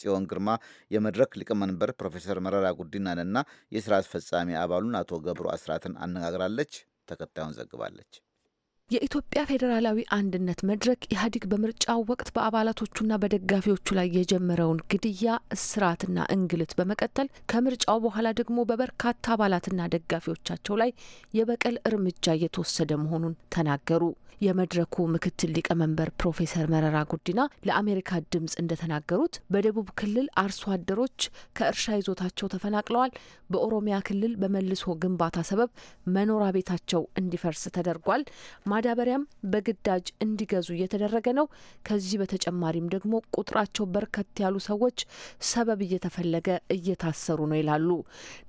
ጽዮን ግርማ የመድረክ ሊቀመንበር ፕሮፌሰር መረራ ጉዲናንና የሥራ አስፈጻሚ አባሉን አቶ ገብሩ አስራትን አነጋግራለች። ተከታዩን ዘግባለች። የኢትዮጵያ ፌዴራላዊ አንድነት መድረክ ኢህአዴግ በምርጫው ወቅት በአባላቶቹና በደጋፊዎቹ ላይ የጀመረውን ግድያ፣ እስራትና እንግልት በመቀጠል ከምርጫው በኋላ ደግሞ በበርካታ አባላትና ደጋፊዎቻቸው ላይ የበቀል እርምጃ እየተወሰደ መሆኑን ተናገሩ። የመድረኩ ምክትል ሊቀመንበር ፕሮፌሰር መረራ ጉዲና ለአሜሪካ ድምጽ እንደተናገሩት በደቡብ ክልል አርሶ አደሮች ከእርሻ ይዞታቸው ተፈናቅለዋል። በኦሮሚያ ክልል በመልሶ ግንባታ ሰበብ መኖሪያ ቤታቸው እንዲፈርስ ተደርጓል። ማዳበሪያም በግዳጅ እንዲገዙ እየተደረገ ነው። ከዚህ በተጨማሪም ደግሞ ቁጥራቸው በርከት ያሉ ሰዎች ሰበብ እየተፈለገ እየታሰሩ ነው ይላሉ።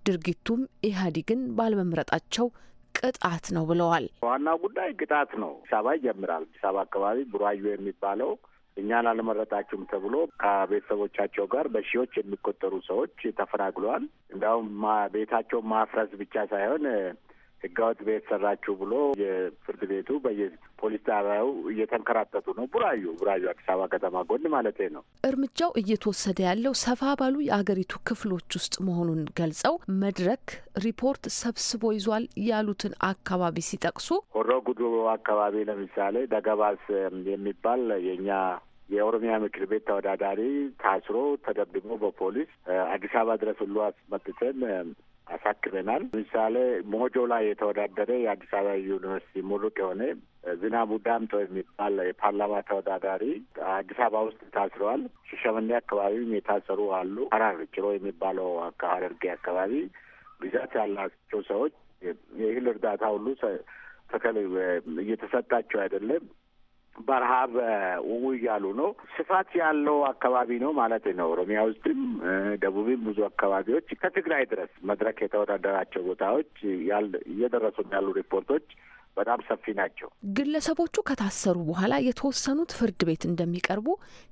ድርጊቱም ኢህአዴግን ባለመምረጣቸው ቅጣት ነው ብለዋል። ዋናው ጉዳይ ቅጣት ነው። አዲስ አበባ ይጀምራል። አዲስ አበባ አካባቢ ቡራዩ የሚባለው እኛን አልመረጣችሁም ተብሎ ከቤተሰቦቻቸው ጋር በሺዎች የሚቆጠሩ ሰዎች ተፈናቅለዋል። እንዲያውም ቤታቸውን ማፍረስ ብቻ ሳይሆን ህገወጥ ቤት ሰራችሁ ብሎ የፍርድ ቤቱ በየፖሊስ ጣቢያው እየተንከራተቱ ነው። ቡራዩ ቡራዩ አዲስ አበባ ከተማ ጎን ማለት ነው። እርምጃው እየተወሰደ ያለው ሰፋ ባሉ የአገሪቱ ክፍሎች ውስጥ መሆኑን ገልጸው መድረክ ሪፖርት ሰብስቦ ይዟል ያሉትን አካባቢ ሲጠቅሱ ሆሮ ጉዱሩ አካባቢ ለምሳሌ ደገባስ የሚባል የእኛ የኦሮሚያ ምክር ቤት ተወዳዳሪ ታስሮ ተደብድቦ በፖሊስ አዲስ አበባ ድረስ ሁሉ አስመጥተን አሳክበናል። ለምሳሌ ሞጆ ላይ የተወዳደረ የአዲስ አበባ ዩኒቨርሲቲ ሙሉቅ የሆነ ዝናቡ ዳምጦ የሚባል የፓርላማ ተወዳዳሪ አዲስ አበባ ውስጥ ታስረዋል። ሻሸመኔ አካባቢም የታሰሩ አሉ። ሀራር ጭሮ የሚባለው ሐረርጌ አካባቢ ብዛት ያላቸው ሰዎች የእህል እርዳታ ሁሉ ተከል እየተሰጣቸው አይደለም። በረሃብ ውው እያሉ ነው። ስፋት ያለው አካባቢ ነው ማለት ነው። ኦሮሚያ ውስጥም ደቡብም ብዙ አካባቢዎች ከትግራይ ድረስ መድረክ የተወዳደራቸው ቦታዎች እየደረሱ ያሉ ሪፖርቶች በጣም ሰፊ ናቸው። ግለሰቦቹ ከታሰሩ በኋላ የተወሰኑት ፍርድ ቤት እንደሚቀርቡ፣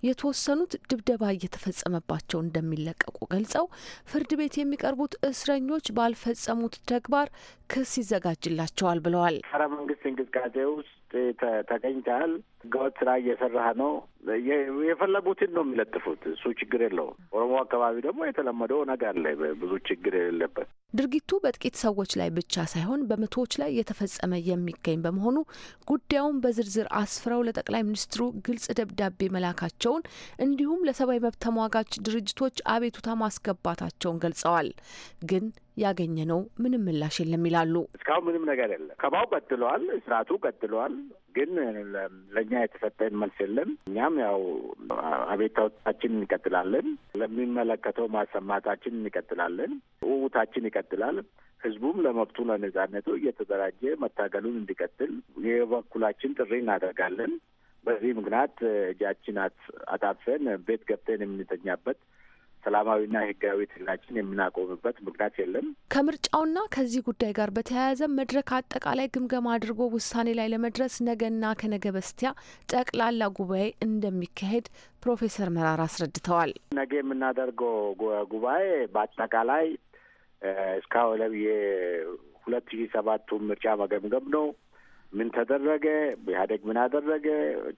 የተወሰኑት ድብደባ እየተፈጸመባቸው እንደሚለቀቁ ገልጸው ፍርድ ቤት የሚቀርቡት እስረኞች ባልፈጸሙት ተግባር ክስ ይዘጋጅላቸዋል ብለዋል። ጸረ መንግስት እንቅስቃሴ ውስጥ ተቀኝተሃል፣ ህገወጥ ስራ እየሰራህ ነው፣ የፈለጉትን ነው የሚለጥፉት። እሱ ችግር የለውም። ኦሮሞ አካባቢ ደግሞ የተለመደው ነገ አለ፣ ብዙ ችግር የሌለበት ድርጊቱ በጥቂት ሰዎች ላይ ብቻ ሳይሆን በመቶዎች ላይ የተፈጸመ የሚገኝ በመሆኑ ጉዳዩን በዝርዝር አስፍረው ለጠቅላይ ሚኒስትሩ ግልጽ ደብዳቤ መላካቸውን እንዲሁም ለሰብአዊ መብት ተሟጋች ድርጅቶች አቤቱታ ማስገባታቸውን ገልጸዋል ግን ያገኘ ነው ምንም ምላሽ የለም ይላሉ። እስካሁን ምንም ነገር የለም። ከባው ቀጥለዋል፣ ስርዓቱ ቀጥለዋል። ግን ለእኛ የተሰጠን መልስ የለም። እኛም ያው አቤታዎቻችን እንቀጥላለን፣ ለሚመለከተው ማሰማታችን እንቀጥላለን፣ ውውታችን ይቀጥላል። ህዝቡም ለመብቱ ለነጻነቱ እየተደራጀ መታገሉን እንዲቀጥል የበኩላችን ጥሪ እናደርጋለን። በዚህ ምክንያት እጃችን አጣጥፈን ቤት ገብተን የምንተኛበት ሰላማዊና ህጋዊ ትግላችን የምናቆምበት ምክንያት የለም። ከምርጫውና ከዚህ ጉዳይ ጋር በተያያዘ መድረክ አጠቃላይ ግምገማ አድርጎ ውሳኔ ላይ ለመድረስ ነገና ከነገ በስቲያ ጠቅላላ ጉባኤ እንደሚካሄድ ፕሮፌሰር መራራ አስረድተዋል። ነገ የምናደርገው ጉባኤ በአጠቃላይ እስካሁን ሁለት ሺ ሰባቱ ምርጫ መገምገም ነው። ምን ተደረገ፣ ኢህአዴግ ምን አደረገ፣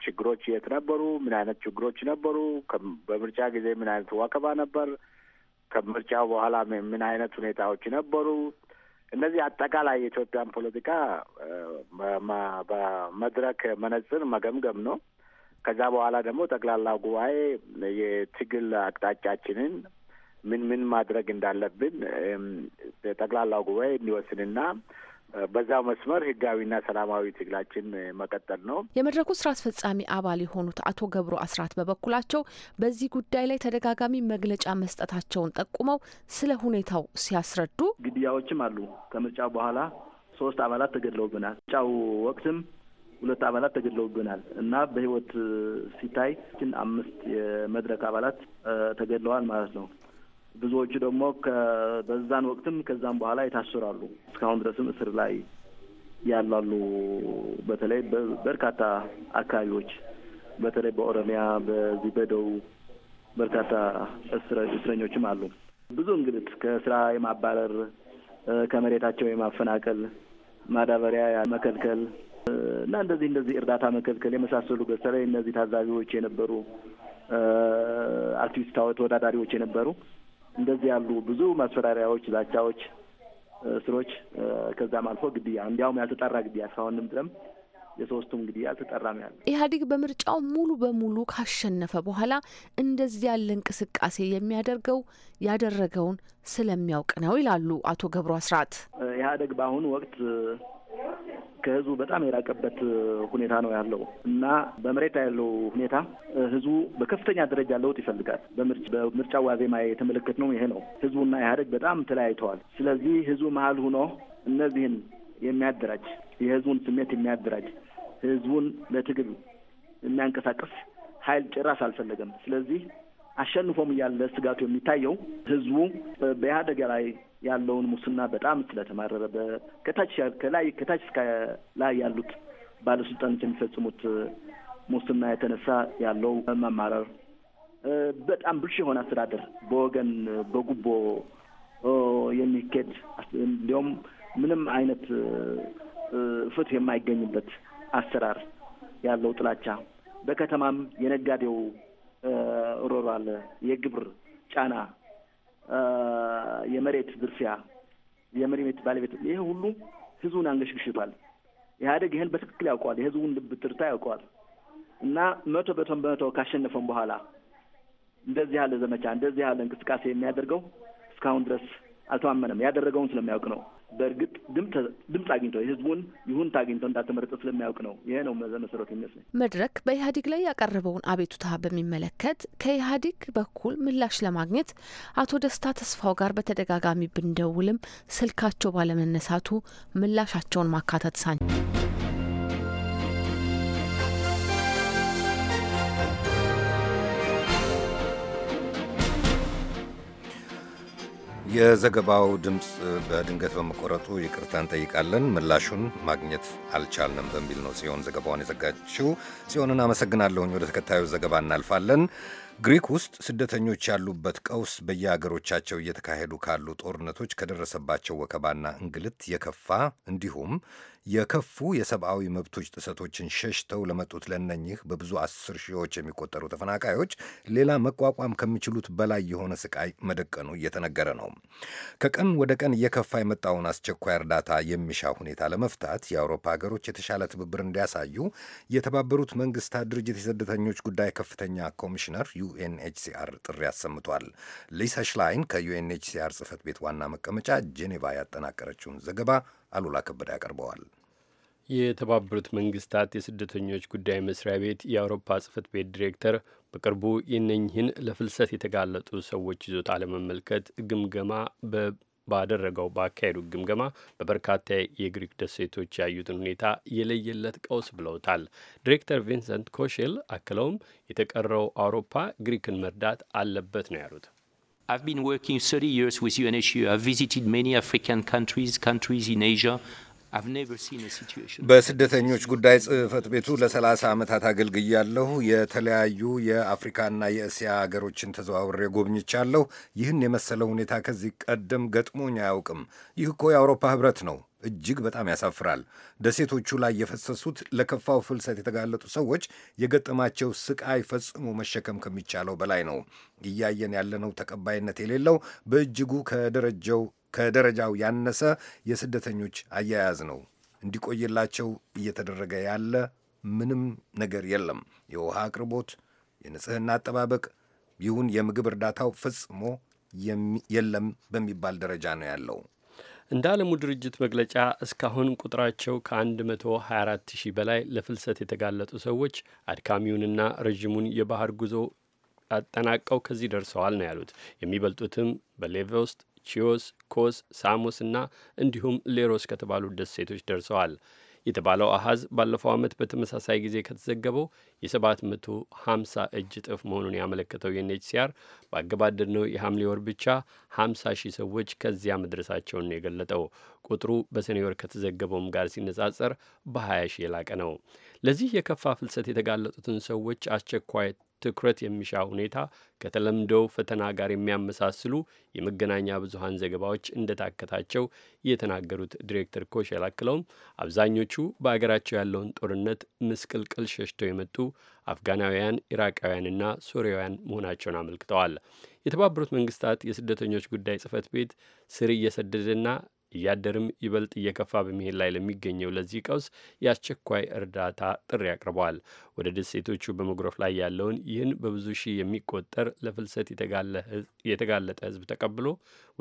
ችግሮች የት ነበሩ፣ ምን አይነት ችግሮች ነበሩ፣ በምርጫ ጊዜ ምን አይነት ዋከባ ነበር፣ ከምርጫው በኋላ ምን አይነት ሁኔታዎች ነበሩ። እነዚህ አጠቃላይ የኢትዮጵያን ፖለቲካ በመድረክ መነጽር መገምገም ነው። ከዛ በኋላ ደግሞ ጠቅላላ ጉባኤ የትግል አቅጣጫችንን ምን ምን ማድረግ እንዳለብን ጠቅላላው ጉባኤ እንዲወስንና በዛው መስመር ህጋዊና ሰላማዊ ትግላችን መቀጠል ነው። የመድረኩ ስራ አስፈጻሚ አባል የሆኑት አቶ ገብሩ አስራት በበኩላቸው በዚህ ጉዳይ ላይ ተደጋጋሚ መግለጫ መስጠታቸውን ጠቁመው ስለ ሁኔታው ሲያስረዱ ግድያዎችም አሉ። ከምርጫው በኋላ ሶስት አባላት ተገድለውብናል። ምርጫው ወቅትም ሁለት አባላት ተገድለውብናል እና በህይወት ሲታይ አምስት የመድረክ አባላት ተገድለዋል ማለት ነው። ብዙዎቹ ደግሞ በዛን ወቅትም ከዛም በኋላ የታሰራሉ። እስካሁን ድረስም እስር ላይ ያላሉ በተለይ በርካታ አካባቢዎች በተለይ በኦሮሚያ በዚህ በደቡብ በርካታ እስረኞችም አሉ። ብዙ እንግዲህ ከስራ የማባረር ከመሬታቸው የማፈናቀል ማዳበሪያ መከልከል እና እንደዚህ እንደዚህ እርዳታ መከልከል የመሳሰሉ በተለይ እነዚህ ታዛቢዎች የነበሩ አክቲቪስታ ተወዳዳሪዎች የነበሩ እንደዚህ ያሉ ብዙ ማስፈራሪያዎች፣ ዛቻዎች፣ እስሮች ከዛም አልፎ ግድያ እንዲያውም ያልተጣራ ግድያ እስካሁንም ድረም የሶስቱም እንግዲህ አልተጠራም ያለ ኢህአዴግ በምርጫው ሙሉ በሙሉ ካሸነፈ በኋላ እንደዚህ ያለ እንቅስቃሴ የሚያደርገው ያደረገውን ስለሚያውቅ ነው ይላሉ አቶ ገብሩ አስራት። ኢህአዴግ በአሁኑ ወቅት ከህዝቡ በጣም የራቀበት ሁኔታ ነው ያለው እና በመሬት ያለው ሁኔታ ህዝቡ በከፍተኛ ደረጃ ለውጥ ይፈልጋል። በምርጫ ዋዜማ የተመለከት ነው ይሄ ነው። ህዝቡና ኢህአዴግ በጣም ተለያይተዋል። ስለዚህ ህዝቡ መሀል ሁኖ እነዚህን የሚያደራጅ የህዝቡን ስሜት የሚያደራጅ ህዝቡን ለትግል የሚያንቀሳቅስ ኃይል ጭራስ አልፈለገም። ስለዚህ አሸንፎም እያለ ስጋቱ የሚታየው ህዝቡ በኢህአደግ ላይ ያለውን ሙስና በጣም ስለተማረረ ከታች ከላይ ከታች እስከ ላይ ያሉት ባለስልጣኖች የሚፈጽሙት ሙስና የተነሳ ያለው መማረር በጣም ብልሹ የሆነ አስተዳደር በወገን በጉቦ የሚኬድ እንዲሁም ምንም አይነት ፍትህ የማይገኝበት አሰራር ያለው ጥላቻ፣ በከተማም የነጋዴው ሮሮ አለ፣ የግብር ጫና፣ የመሬት ዝርፊያ፣ የመሬት ባለቤት ይሄ ሁሉ ህዝቡን አንገሽግሽቷል። ኢህአደግ ይህን በትክክል ያውቀዋል። የህዝቡን ልብ ትርታ ያውቀዋል። እና መቶ በቶን በመቶ ካሸነፈም በኋላ እንደዚህ ያለ ዘመቻ እንደዚህ ያለ እንቅስቃሴ የሚያደርገው እስካሁን ድረስ አልተማመንም። ያደረገውን ስለሚያውቅ ነው። በእርግጥ ድምፅ አግኝቶ የህዝቡን ይሁንታ አግኝቶ እንዳተመረጠ ስለሚያውቅ ነው። ይሄ ነው መሰረቱ ይመስለኝ። መድረክ በኢህአዴግ ላይ ያቀረበውን አቤቱታ በሚመለከት ከኢህአዴግ በኩል ምላሽ ለማግኘት አቶ ደስታ ተስፋው ጋር በተደጋጋሚ ብንደውልም ስልካቸው ባለመነሳቱ ምላሻቸውን ማካተት ሳን የዘገባው ድምፅ በድንገት በመቆረጡ ይቅርታ እንጠይቃለን። ምላሹን ማግኘት አልቻልንም በሚል ነው ጽዮን ዘገባውን የዘጋችው። ጽዮንን አመሰግናለሁኝ። ወደ ተከታዩ ዘገባ እናልፋለን። ግሪክ ውስጥ ስደተኞች ያሉበት ቀውስ በየአገሮቻቸው እየተካሄዱ ካሉ ጦርነቶች ከደረሰባቸው ወከባና እንግልት የከፋ እንዲሁም የከፉ የሰብአዊ መብቶች ጥሰቶችን ሸሽተው ለመጡት ለነኚህ በብዙ አስር ሺዎች የሚቆጠሩ ተፈናቃዮች ሌላ መቋቋም ከሚችሉት በላይ የሆነ ስቃይ መደቀኑ እየተነገረ ነው። ከቀን ወደ ቀን እየከፋ የመጣውን አስቸኳይ እርዳታ የሚሻ ሁኔታ ለመፍታት የአውሮፓ ሀገሮች የተሻለ ትብብር እንዲያሳዩ የተባበሩት መንግስታት ድርጅት የስደተኞች ጉዳይ ከፍተኛ ኮሚሽነር ዩኤንኤችሲአር ጥሪ አሰምቷል። ሊሳ ሽላይን ከዩኤንኤችሲአር ጽህፈት ቤት ዋና መቀመጫ ጄኔቫ ያጠናቀረችውን ዘገባ አሉላ ከበደ ያቀርበዋል። የተባበሩት መንግስታት የስደተኞች ጉዳይ መስሪያ ቤት የአውሮፓ ጽህፈት ቤት ዲሬክተር በቅርቡ የነኝህን ለፍልሰት የተጋለጡ ሰዎች ይዞታ ለመመልከት ግምገማ ባደረገው በአካሄዱ ግምገማ በበርካታ የግሪክ ደሴቶች ያዩትን ሁኔታ የለየለት ቀውስ ብለውታል። ዲሬክተር ቪንሰንት ኮሼል አክለውም የተቀረው አውሮፓ ግሪክን መርዳት አለበት ነው ያሉት። I've been working 30 years with UNHCR. I've visited many African countries, countries in Asia. በስደተኞች ጉዳይ ጽህፈት ቤቱ ለ30 ዓመታት አገልግያለሁ። የተለያዩ የአፍሪካና የእስያ አገሮችን ተዘዋውሬ ጎብኝቻለሁ። ይህን የመሰለ ሁኔታ ከዚህ ቀደም ገጥሞኝ አያውቅም። ይህ እኮ የአውሮፓ ህብረት ነው። እጅግ በጣም ያሳፍራል። ደሴቶቹ ላይ የፈሰሱት ለከፋው ፍልሰት የተጋለጡ ሰዎች የገጠማቸው ስቃይ ፈጽሞ መሸከም ከሚቻለው በላይ ነው። እያየን ያለነው ተቀባይነት የሌለው በእጅጉ ከደረጀው ከደረጃው ያነሰ የስደተኞች አያያዝ ነው። እንዲቆይላቸው እየተደረገ ያለ ምንም ነገር የለም። የውሃ አቅርቦት፣ የንጽህና አጠባበቅ ይሁን የምግብ እርዳታው ፈጽሞ የለም በሚባል ደረጃ ነው ያለው። እንደ ዓለሙ ድርጅት መግለጫ እስካሁን ቁጥራቸው ከ124 ሺህ በላይ ለፍልሰት የተጋለጡ ሰዎች አድካሚውንና ረዥሙን የባህር ጉዞ አጠናቀው ከዚህ ደርሰዋል ነው ያሉት። የሚበልጡትም በሌቬ ውስጥ ቺዮስ፣ ኮስ፣ እና እንዲሁም ሌሮስ ከተባሉ ደሴቶች ደርሰዋል የተባለው አሀዝ ባለፈው ዓመት በተመሳሳይ ጊዜ ከተዘገበው የ750 እጅ እጥፍ መሆኑን ያመለከተው ዩኤንኤችሲአር በአገባደድ ነው የሐምሌ ወር ብቻ 50 ሺህ ሰዎች ከዚያ መድረሳቸውን ነው የገለጠው። ቁጥሩ በሰኔ ወር ከተዘገበውም ጋር ሲነጻጸር በ20 ሺህ የላቀ ነው። ለዚህ የከፋ ፍልሰት የተጋለጡትን ሰዎች አስቸኳይ ትኩረት የሚሻ ሁኔታ ከተለምዶው ፈተና ጋር የሚያመሳስሉ የመገናኛ ብዙሀን ዘገባዎች እንደታከታቸው የተናገሩት ዲሬክተር ኮሽ ያላክለውም አብዛኞቹ በአገራቸው ያለውን ጦርነት ምስቅልቅል ሸሽተው የመጡ አፍጋናውያን፣ ኢራቃውያንና ሶሪያውያን መሆናቸውን አመልክተዋል። የተባበሩት መንግስታት የስደተኞች ጉዳይ ጽህፈት ቤት ስር እየሰደደና እያደርም ይበልጥ እየከፋ በመሄድ ላይ ለሚገኘው ለዚህ ቀውስ የአስቸኳይ እርዳታ ጥሪ አቅርበዋል። ወደ ደሴቶቹ በመጉረፍ ላይ ያለውን ይህን በብዙ ሺህ የሚቆጠር ለፍልሰት የተጋለጠ ሕዝብ ተቀብሎ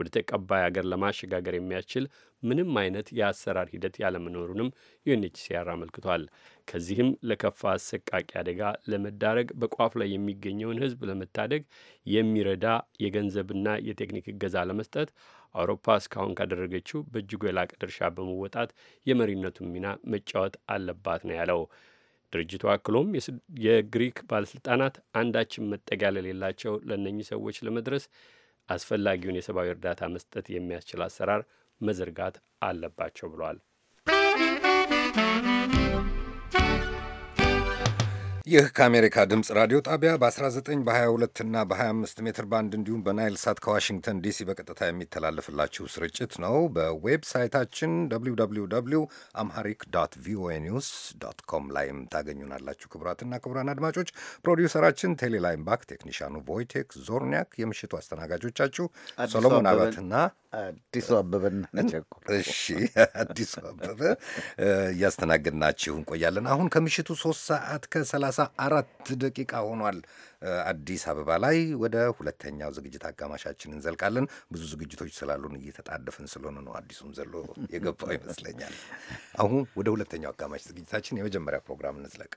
ወደ ተቀባይ አገር ለማሸጋገር የሚያስችል ምንም አይነት የአሰራር ሂደት ያለመኖሩንም ዩኤንኤችሲአር አመልክቷል። ከዚህም ለከፋ አሰቃቂ አደጋ ለመዳረግ በቋፍ ላይ የሚገኘውን ሕዝብ ለመታደግ የሚረዳ የገንዘብና የቴክኒክ እገዛ ለመስጠት አውሮፓ እስካሁን ካደረገችው በእጅጉ የላቀ ድርሻ በመወጣት የመሪነቱን ሚና መጫወት አለባት ነው ያለው። ድርጅቱ አክሎም የግሪክ ባለስልጣናት አንዳችን መጠጊያ ለሌላቸው ለእነኚህ ሰዎች ለመድረስ አስፈላጊውን የሰብአዊ እርዳታ መስጠት የሚያስችል አሰራር መዘርጋት አለባቸው ብሏል። ይህ ከአሜሪካ ድምፅ ራዲዮ ጣቢያ በ19 በ22 እና በ25 ሜትር ባንድ እንዲሁም በናይል ሳት ከዋሽንግተን ዲሲ በቀጥታ የሚተላለፍላችሁ ስርጭት ነው። በዌብሳይታችን www አምሃሪክ ዶት ቪኦኤ ኒውስ ዶት ኮም ላይም ታገኙናላችሁ። ክቡራትና ክቡራን አድማጮች ፕሮዲውሰራችን ቴሌ ባክ፣ ቴክኒሻኑ ቮይቴክ ዞርኒያክ፣ የምሽቱ አስተናጋጆቻችሁ ሰሎሞን አባትና አዲሱ አበበና እሺ፣ አዲሱ አበበ እያስተናገድናችሁ እንቆያለን። አሁን ከምሽቱ ሶስት ሰዓት ከሰላሳ 34 ደቂቃ ሆኗል አዲስ አበባ ላይ። ወደ ሁለተኛው ዝግጅት አጋማሻችን እንዘልቃለን። ብዙ ዝግጅቶች ስላሉን እየተጣደፍን ስለሆነ ነው አዲሱም ዘሎ የገባው ይመስለኛል። አሁን ወደ ሁለተኛው አጋማሽ ዝግጅታችን የመጀመሪያ ፕሮግራም እንዝለቅ።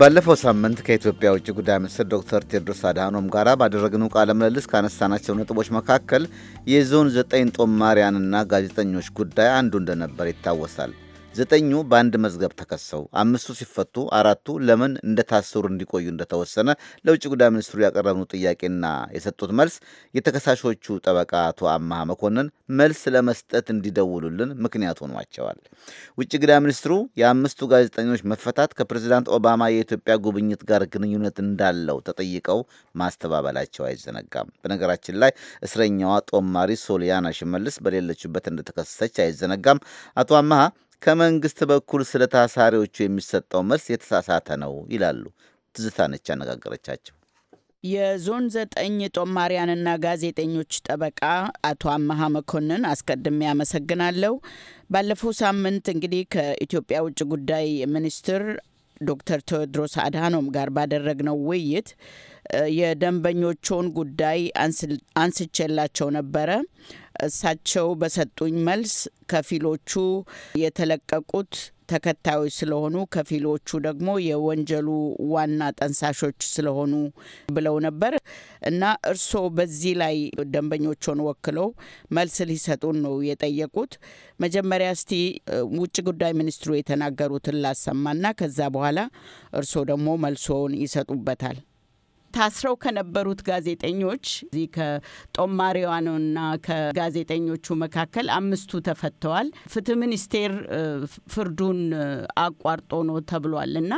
ባለፈው ሳምንት ከኢትዮጵያ ውጭ ጉዳይ ሚኒስትር ዶክተር ቴዎድሮስ አድሃኖም ጋር ባደረግነው ቃለ ምልልስ ካነሳናቸው ነጥቦች መካከል የዞን ዘጠኝ ጦማሪያንና ጋዜጠኞች ጉዳይ አንዱ እንደነበር ይታወሳል። ዘጠኙ በአንድ መዝገብ ተከሰው አምስቱ ሲፈቱ አራቱ ለምን እንደታሰሩ እንዲቆዩ እንደተወሰነ ለውጭ ጉዳይ ሚኒስትሩ ያቀረብነው ጥያቄና የሰጡት መልስ የተከሳሾቹ ጠበቃ አቶ አማሃ መኮንን መልስ ለመስጠት እንዲደውሉልን ምክንያት ሆኗቸዋል። ውጭ ጉዳይ ሚኒስትሩ የአምስቱ ጋዜጠኞች መፈታት ከፕሬዚዳንት ኦባማ የኢትዮጵያ ጉብኝት ጋር ግንኙነት እንዳለው ተጠይቀው ማስተባበላቸው አይዘነጋም። በነገራችን ላይ እስረኛዋ ጦማሪ ሶሊያና ሽመልስ በሌለችበት እንደተከሰሰች አይዘነጋም። አቶ አማሃ ከመንግስት በኩል ስለ ታሳሪዎቹ የሚሰጠው መልስ የተሳሳተ ነው ይላሉ። ትዝታ ነች ያነጋገረቻቸው። የዞን ዘጠኝ ጦማሪያንና ጋዜጠኞች ጠበቃ አቶ አመሀ መኮንን አስቀድሜ አመሰግናለሁ። ባለፈው ሳምንት እንግዲህ ከኢትዮጵያ ውጭ ጉዳይ ሚኒስትር ዶክተር ቴዎድሮስ አድሃኖም ጋር ባደረግነው ውይይት የደንበኞቹን ጉዳይ አንስቼላቸው ነበረ። እሳቸው በሰጡኝ መልስ ከፊሎቹ የተለቀቁት ተከታዮች ስለሆኑ ከፊሎቹ ደግሞ የወንጀሉ ዋና ጠንሳሾች ስለሆኑ ብለው ነበር እና እርስዎ በዚህ ላይ ደንበኞቹን ወክለው መልስ ሊሰጡን ነው የጠየቁት። መጀመሪያ እስቲ ውጭ ጉዳይ ሚኒስትሩ የተናገሩትን ላሰማና ከዛ በኋላ እርስዎ ደግሞ መልሶውን ይሰጡበታል። ታስረው ከነበሩት ጋዜጠኞች እዚህ ከጦማሪዋኑና ከጋዜጠኞቹ መካከል አምስቱ ተፈተዋል። ፍትህ ሚኒስቴር ፍርዱን አቋርጦ ነው ተብሏል እና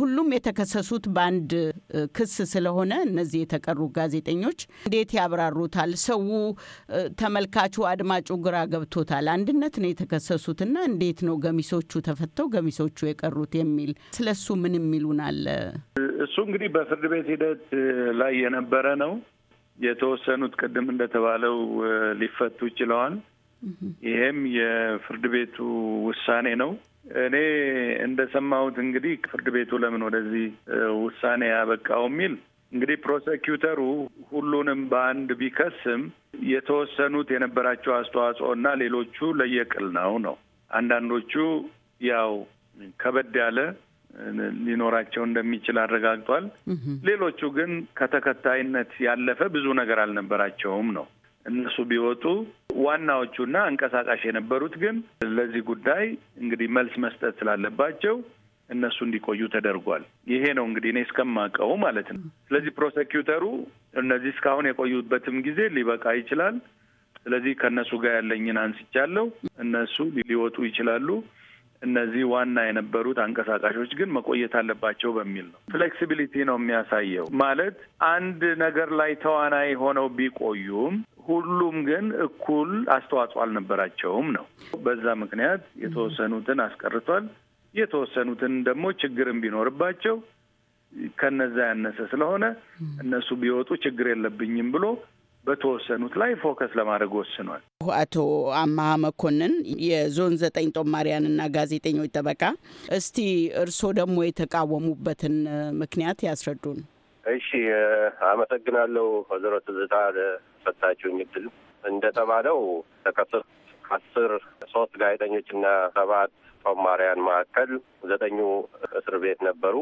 ሁሉም የተከሰሱት በአንድ ክስ ስለሆነ እነዚህ የተቀሩ ጋዜጠኞች እንዴት ያብራሩታል? ሰው ተመልካቹ፣ አድማጩ ግራ ገብቶታል። አንድነት ነው የተከሰሱት የተከሰሱትና እንዴት ነው ገሚሶቹ ተፈተው ገሚሶቹ የቀሩት የሚል ስለሱ ምን የሚሉን አለ? እሱ እንግዲህ በፍርድ ቤት ሂደት ላይ የነበረ ነው። የተወሰኑት ቅድም እንደተባለው ሊፈቱ ይችለዋል። ይሄም የፍርድ ቤቱ ውሳኔ ነው። እኔ እንደሰማሁት እንግዲህ ፍርድ ቤቱ ለምን ወደዚህ ውሳኔ ያበቃው የሚል እንግዲህ ፕሮሰኪውተሩ ሁሉንም በአንድ ቢከስም የተወሰኑት የነበራቸው አስተዋጽኦ እና ሌሎቹ ለየቅል ነው ነው አንዳንዶቹ ያው ከበድ ያለ ሊኖራቸው እንደሚችል አረጋግጧል። ሌሎቹ ግን ከተከታይነት ያለፈ ብዙ ነገር አልነበራቸውም ነው። እነሱ ቢወጡ ዋናዎቹና አንቀሳቃሽ የነበሩት ግን ለዚህ ጉዳይ እንግዲህ መልስ መስጠት ስላለባቸው እነሱ እንዲቆዩ ተደርጓል። ይሄ ነው እንግዲህ እኔ እስከማውቀው ማለት ነው። ስለዚህ ፕሮሰኪውተሩ እነዚህ እስካሁን የቆዩበትም ጊዜ ሊበቃ ይችላል። ስለዚህ ከእነሱ ጋር ያለኝን አንስቻለሁ። እነሱ ሊወጡ ይችላሉ። እነዚህ ዋና የነበሩት አንቀሳቃሾች ግን መቆየት አለባቸው በሚል ነው። ፍሌክሲቢሊቲ ነው የሚያሳየው ማለት አንድ ነገር ላይ ተዋናይ ሆነው ቢቆዩም ሁሉም ግን እኩል አስተዋጽኦ አልነበራቸውም ነው። በዛ ምክንያት የተወሰኑትን አስቀርቷል። የተወሰኑትን ደግሞ ችግርም ቢኖርባቸው ከነዛ ያነሰ ስለሆነ እነሱ ቢወጡ ችግር የለብኝም ብሎ በተወሰኑት ላይ ፎከስ ለማድረግ ወስኗል። አቶ አማሀ መኮንን የዞን ዘጠኝ ጦማሪያንና ጋዜጠኞች ጠበቃ፣ እስቲ እርስዎ ደግሞ የተቃወሙበትን ምክንያት ያስረዱን። እሺ፣ አመሰግናለሁ ወይዘሮ ትዝታ ለሰጣችሁኝ እድል። እንደተባለው ተከሰሱ አስር ሶስት ጋዜጠኞችና ሰባት ጦማሪያን መካከል ዘጠኙ እስር ቤት ነበሩ።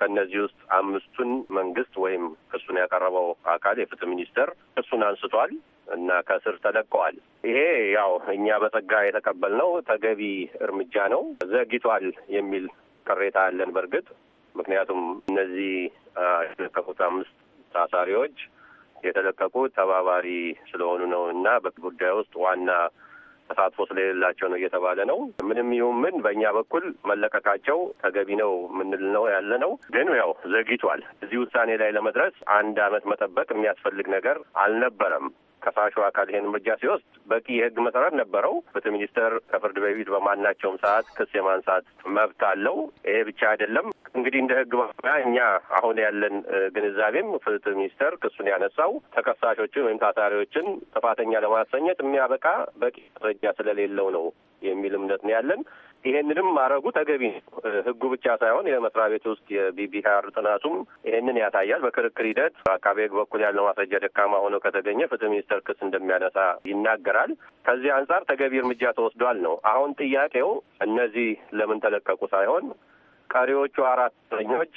ከእነዚህ ውስጥ አምስቱን መንግስት ወይም ክሱን ያቀረበው አካል የፍትህ ሚኒስቴር ክሱን አንስቷል እና ከስር ተለቀዋል። ይሄ ያው እኛ በጸጋ የተቀበልነው ተገቢ እርምጃ ነው። ዘግቷል የሚል ቅሬታ አለን። በእርግጥ ምክንያቱም እነዚህ የተለቀቁት አምስት ታሳሪዎች የተለቀቁት ተባባሪ ስለሆኑ ነው እና በጉዳይ ውስጥ ዋና ተሳትፎ ስለሌላቸው ነው እየተባለ ነው። ምንም ይሁን ምን በእኛ በኩል መለቀቃቸው ተገቢ ነው ምንል ነው ያለ ነው። ግን ያው ዘግይቷል። እዚህ ውሳኔ ላይ ለመድረስ አንድ አመት መጠበቅ የሚያስፈልግ ነገር አልነበረም። ከሳሹ አካል ይሄን እርምጃ ሲወስድ በቂ የህግ መሰረት ነበረው። ፍትህ ሚኒስተር ከፍርድ በፊት በማናቸውም ሰዓት ክስ የማንሳት መብት አለው። ይሄ ብቻ አይደለም። እንግዲህ እንደ ህግ ባለሙያ እኛ አሁን ያለን ግንዛቤም ፍትህ ሚኒስተር ክሱን ያነሳው ተከሳሾችን ወይም ታሳሪዎችን ጥፋተኛ ለማሰኘት የሚያበቃ በቂ ማስረጃ ስለሌለው ነው የሚል እምነት ነው ያለን። ይሄንንም ማድረጉ ተገቢ ነው። ህጉ ብቻ ሳይሆን የመስሪያ ቤት ውስጥ የቢቢአር ጥናቱም ይሄንን ያሳያል። በክርክር ሂደት አቃቤ ህግ በኩል ያለው ማስረጃ ደካማ ሆኖ ከተገኘ ፍትህ ሚኒስተር ክስ እንደሚያነሳ ይናገራል። ከዚህ አንጻር ተገቢ እርምጃ ተወስዷል ነው። አሁን ጥያቄው እነዚህ ለምን ተለቀቁ ሳይሆን ቀሪዎቹ አራት እስረኞች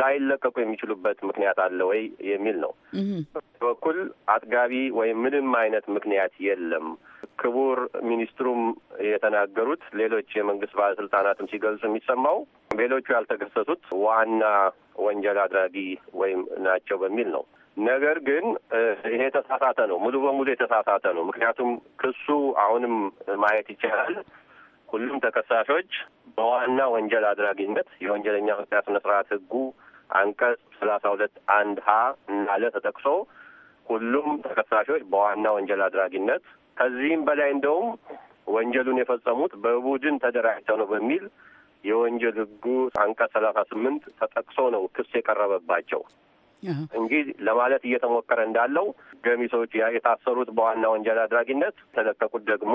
ላይለቀቁ የሚችሉበት ምክንያት አለ ወይ የሚል ነው። በኩል አጥጋቢ ወይም ምንም አይነት ምክንያት የለም። ክቡር ሚኒስትሩም የተናገሩት ሌሎች የመንግስት ባለስልጣናትም ሲገልጹ የሚሰማው ሌሎቹ ያልተከሰሱት ዋና ወንጀል አድራጊ ወይም ናቸው በሚል ነው። ነገር ግን ይሄ የተሳሳተ ነው፣ ሙሉ በሙሉ የተሳሳተ ነው። ምክንያቱም ክሱ አሁንም ማየት ይቻላል ሁሉም ተከሳሾች በዋና ወንጀል አድራጊነት የወንጀለኛ መቅጫ ስነ ስርዓት ህጉ አንቀጽ ሰላሳ ሁለት አንድ ሀ እናለ ተጠቅሶ ሁሉም ተከሳሾች በዋና ወንጀል አድራጊነት ከዚህም በላይ እንደውም ወንጀሉን የፈጸሙት በቡድን ተደራጅተው ነው በሚል የወንጀል ህጉ አንቀጽ ሰላሳ ስምንት ተጠቅሶ ነው ክስ የቀረበባቸው። እንግዲህ ለማለት እየተሞከረ እንዳለው ገሚሶች የታሰሩት በዋና ወንጀል አድራጊነት ተለቀቁት ደግሞ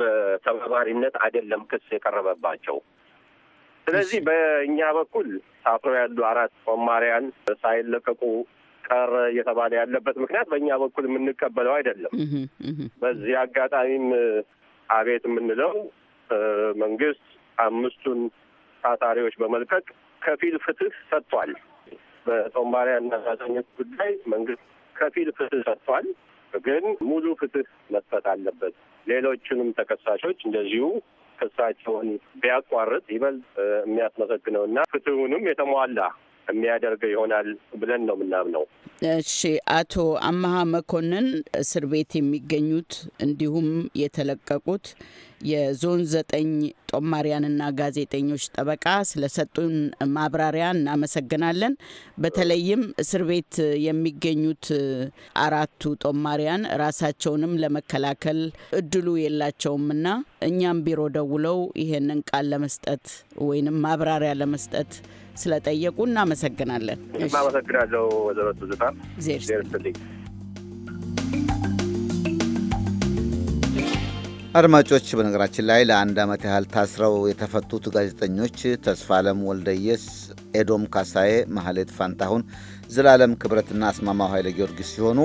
በተባባሪነት አይደለም ክስ የቀረበባቸው። ስለዚህ በእኛ በኩል ታስረው ያሉ አራት ጦማሪያን ሳይለቀቁ ቀረ እየተባለ ያለበት ምክንያት በእኛ በኩል የምንቀበለው አይደለም። በዚህ አጋጣሚም አቤት የምንለው መንግስት አምስቱን ታሳሪዎች በመልቀቅ ከፊል ፍትህ ሰጥቷል። በጦማሪያን እና ጉዳይ መንግስት ከፊል ፍትህ ሰጥቷል። ግን ሙሉ ፍትህ መስጠት አለበት። ሌሎችንም ተከሳሾች እንደዚሁ ክሳቸውን ቢያቋርጥ ይበልጥ የሚያስመሰግነው ፍትሁንም የተሟላ የሚያደርገው ይሆናል ብለን ነው የምናምነው። እሺ፣ አቶ አመሀ መኮንን እስር ቤት የሚገኙት እንዲሁም የተለቀቁት የዞን ዘጠኝ ጦማሪያንና ጋዜጠኞች ጠበቃ ስለሰጡን ማብራሪያ እናመሰግናለን። በተለይም እስር ቤት የሚገኙት አራቱ ጦማሪያን ራሳቸውንም ለመከላከል እድሉ የላቸውምና እኛም ቢሮ ደውለው ይሄንን ቃል ለመስጠት ወይንም ማብራሪያ ለመስጠት ስለጠየቁ እናመሰግናለን። እናመሰግናለሁ ወይዘሮ ትዝታ። አድማጮች፣ በነገራችን ላይ ለአንድ ዓመት ያህል ታስረው የተፈቱት ጋዜጠኞች ተስፋ ዓለም ወልደየስ፣ ኤዶም ካሳዬ፣ ማህሌት ፋንታሁን፣ ዘላለም ክብረትና አስማማው ኃይለ ጊዮርጊስ ሲሆኑ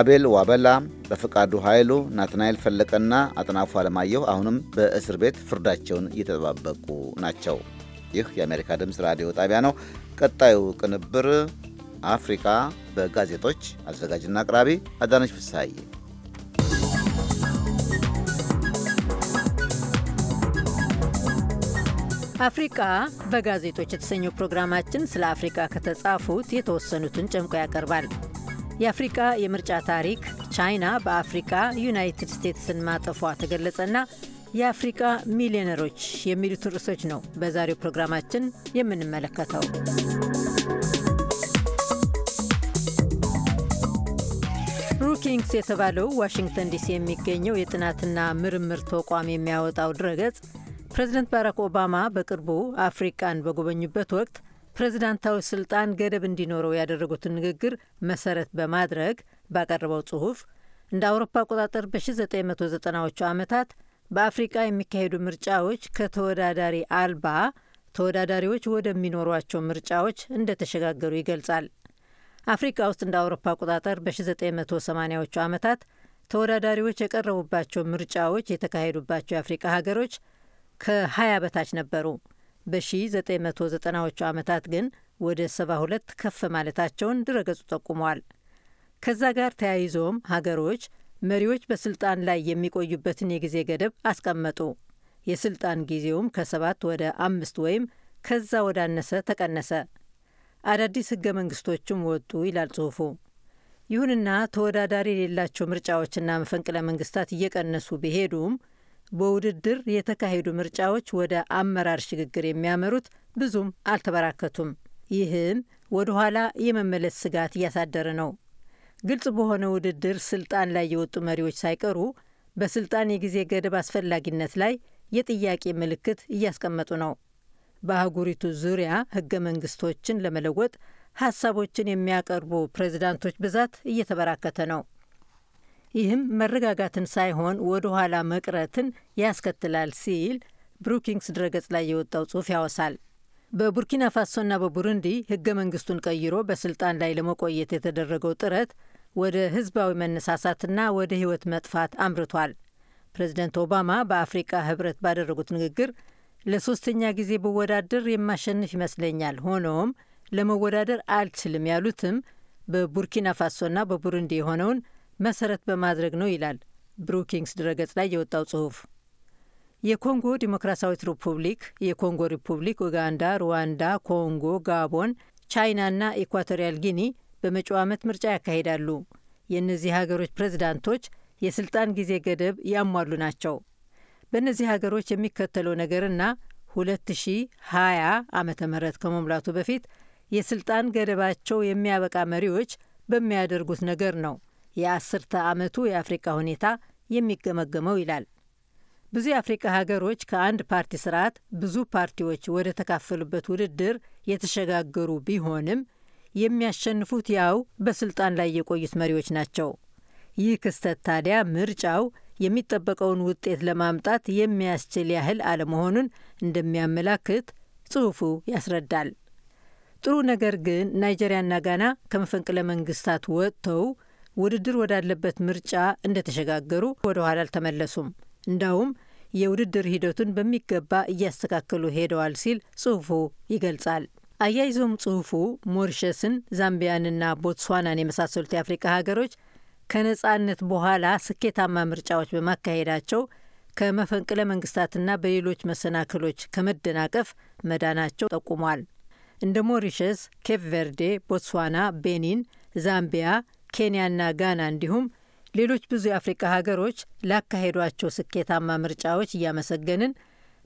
አቤል ዋበላ፣ በፍቃዱ ኃይሉ፣ ናትናኤል ፈለቀና አጥናፉ አለማየሁ አሁንም በእስር ቤት ፍርዳቸውን እየተጠባበቁ ናቸው። ይህ የአሜሪካ ድምፅ ራዲዮ ጣቢያ ነው። ቀጣዩ ቅንብር አፍሪካ በጋዜጦች አዘጋጅና አቅራቢ አዳነች ፍስሐዬ አፍሪቃ በጋዜጦች የተሰኘው ፕሮግራማችን ስለ አፍሪቃ ከተጻፉት የተወሰኑትን ጨምቆ ያቀርባል። የአፍሪቃ የምርጫ ታሪክ፣ ቻይና በአፍሪቃ ዩናይትድ ስቴትስን ማጠፏ ተገለጸና የአፍሪቃ ሚሊዮነሮች የሚሉት ርዕሶች ነው በዛሬው ፕሮግራማችን የምንመለከተው። ሩኪንግስ የተባለው ዋሽንግተን ዲሲ የሚገኘው የጥናትና ምርምር ተቋም የሚያወጣው ድረገጽ ፕሬዚደንት ባራክ ኦባማ በቅርቡ አፍሪቃን በጎበኙበት ወቅት ፕሬዚዳንታዊ ስልጣን ገደብ እንዲኖረው ያደረጉትን ንግግር መሰረት በማድረግ ባቀረበው ጽሁፍ እንደ አውሮፓ አቆጣጠር በ1990ዎቹ ዓመታት በአፍሪቃ የሚካሄዱ ምርጫዎች ከተወዳዳሪ አልባ ተወዳዳሪዎች ወደሚኖሯቸው ምርጫዎች እንደተሸጋገሩ ይገልጻል። አፍሪቃ ውስጥ እንደ አውሮፓ አቆጣጠር በ1980ዎቹ ዓመታት ተወዳዳሪዎች የቀረቡባቸው ምርጫዎች የተካሄዱባቸው የአፍሪቃ ሀገሮች ከ20 በታች ነበሩ። በ1990ዎቹ ዓመታት ግን ወደ 72 ከፍ ማለታቸውን ድረገጹ ጠቁመዋል። ከዛ ጋር ተያይዞም ሀገሮች መሪዎች በስልጣን ላይ የሚቆዩበትን የጊዜ ገደብ አስቀመጡ። የስልጣን ጊዜውም ከሰባት ወደ አምስት ወይም ከዛ ወዳነሰ ተቀነሰ። አዳዲስ ህገ መንግስቶችም ወጡ ይላል ጽሑፉ። ይሁንና ተወዳዳሪ የሌላቸው ምርጫዎችና መፈንቅለ መንግስታት እየቀነሱ ቢሄዱም በውድድር የተካሄዱ ምርጫዎች ወደ አመራር ሽግግር የሚያመሩት ብዙም አልተበራከቱም። ይህም ወደ ኋላ የመመለስ ስጋት እያሳደረ ነው። ግልጽ በሆነ ውድድር ስልጣን ላይ የወጡ መሪዎች ሳይቀሩ በስልጣን የጊዜ ገደብ አስፈላጊነት ላይ የጥያቄ ምልክት እያስቀመጡ ነው። በአህጉሪቱ ዙሪያ ህገ መንግስቶችን ለመለወጥ ሀሳቦችን የሚያቀርቡ ፕሬዝዳንቶች ብዛት እየተበራከተ ነው። ይህም መረጋጋትን ሳይሆን ወደ ኋላ መቅረትን ያስከትላል ሲል ብሩኪንግስ ድረገጽ ላይ የወጣው ጽሑፍ ያወሳል። በቡርኪና ፋሶና በቡሩንዲ ህገ መንግስቱን ቀይሮ በስልጣን ላይ ለመቆየት የተደረገው ጥረት ወደ ህዝባዊ መነሳሳትና ወደ ህይወት መጥፋት አምርቷል። ፕሬዚደንት ኦባማ በአፍሪቃ ህብረት ባደረጉት ንግግር ለሶስተኛ ጊዜ ብወዳደር የማሸንፍ ይመስለኛል፣ ሆኖም ለመወዳደር አልችልም ያሉትም በቡርኪና ፋሶና በቡሩንዲ የሆነውን መሰረት በማድረግ ነው ይላል ብሩኪንግስ ድረገጽ ላይ የወጣው ጽሁፍ። የኮንጎ ዲሞክራሲያዊት ሪፑብሊክ፣ የኮንጎ ሪፑብሊክ፣ ኡጋንዳ፣ ሩዋንዳ፣ ኮንጎ፣ ጋቦን፣ ቻይናና ኢኳቶሪያል ጊኒ በመጪው ዓመት ምርጫ ያካሂዳሉ። የእነዚህ ሀገሮች ፕሬዚዳንቶች የስልጣን ጊዜ ገደብ ያሟሉ ናቸው። በእነዚህ ሀገሮች የሚከተለው ነገርና 2020 ዓመተ ምህረት ከመሙላቱ በፊት የስልጣን ገደባቸው የሚያበቃ መሪዎች በሚያደርጉት ነገር ነው የአስርተ ዓመቱ የአፍሪካ ሁኔታ የሚገመገመው ይላል። ብዙ የአፍሪካ ሀገሮች ከአንድ ፓርቲ ስርዓት ብዙ ፓርቲዎች ወደ ተካፈሉበት ውድድር የተሸጋገሩ ቢሆንም የሚያሸንፉት ያው በስልጣን ላይ የቆዩት መሪዎች ናቸው። ይህ ክስተት ታዲያ ምርጫው የሚጠበቀውን ውጤት ለማምጣት የሚያስችል ያህል አለመሆኑን እንደሚያመላክት ጽሑፉ ያስረዳል። ጥሩ ነገር ግን ናይጄሪያና ጋና ከመፈንቅለ መንግስታት ወጥተው ውድድር ወዳለበት ምርጫ እንደተሸጋገሩ ወደ ኋላ አልተመለሱም። እንዳውም የውድድር ሂደቱን በሚገባ እያስተካከሉ ሄደዋል ሲል ጽሑፉ ይገልጻል። አያይዞም ጽሑፉ ሞሪሸስን፣ ዛምቢያንና ቦትስዋናን የመሳሰሉት የአፍሪካ ሀገሮች ከነጻነት በኋላ ስኬታማ ምርጫዎች በማካሄዳቸው ከመፈንቅለ መንግስታትና በሌሎች መሰናክሎች ከመደናቀፍ መዳናቸው ጠቁሟል። እንደ ሞሪሸስ፣ ኬፕ ቬርዴ፣ ቦትስዋና፣ ቤኒን፣ ዛምቢያ ኬንያና ጋና እንዲሁም ሌሎች ብዙ የአፍሪካ ሀገሮች ላካሄዷቸው ስኬታማ ምርጫዎች እያመሰገንን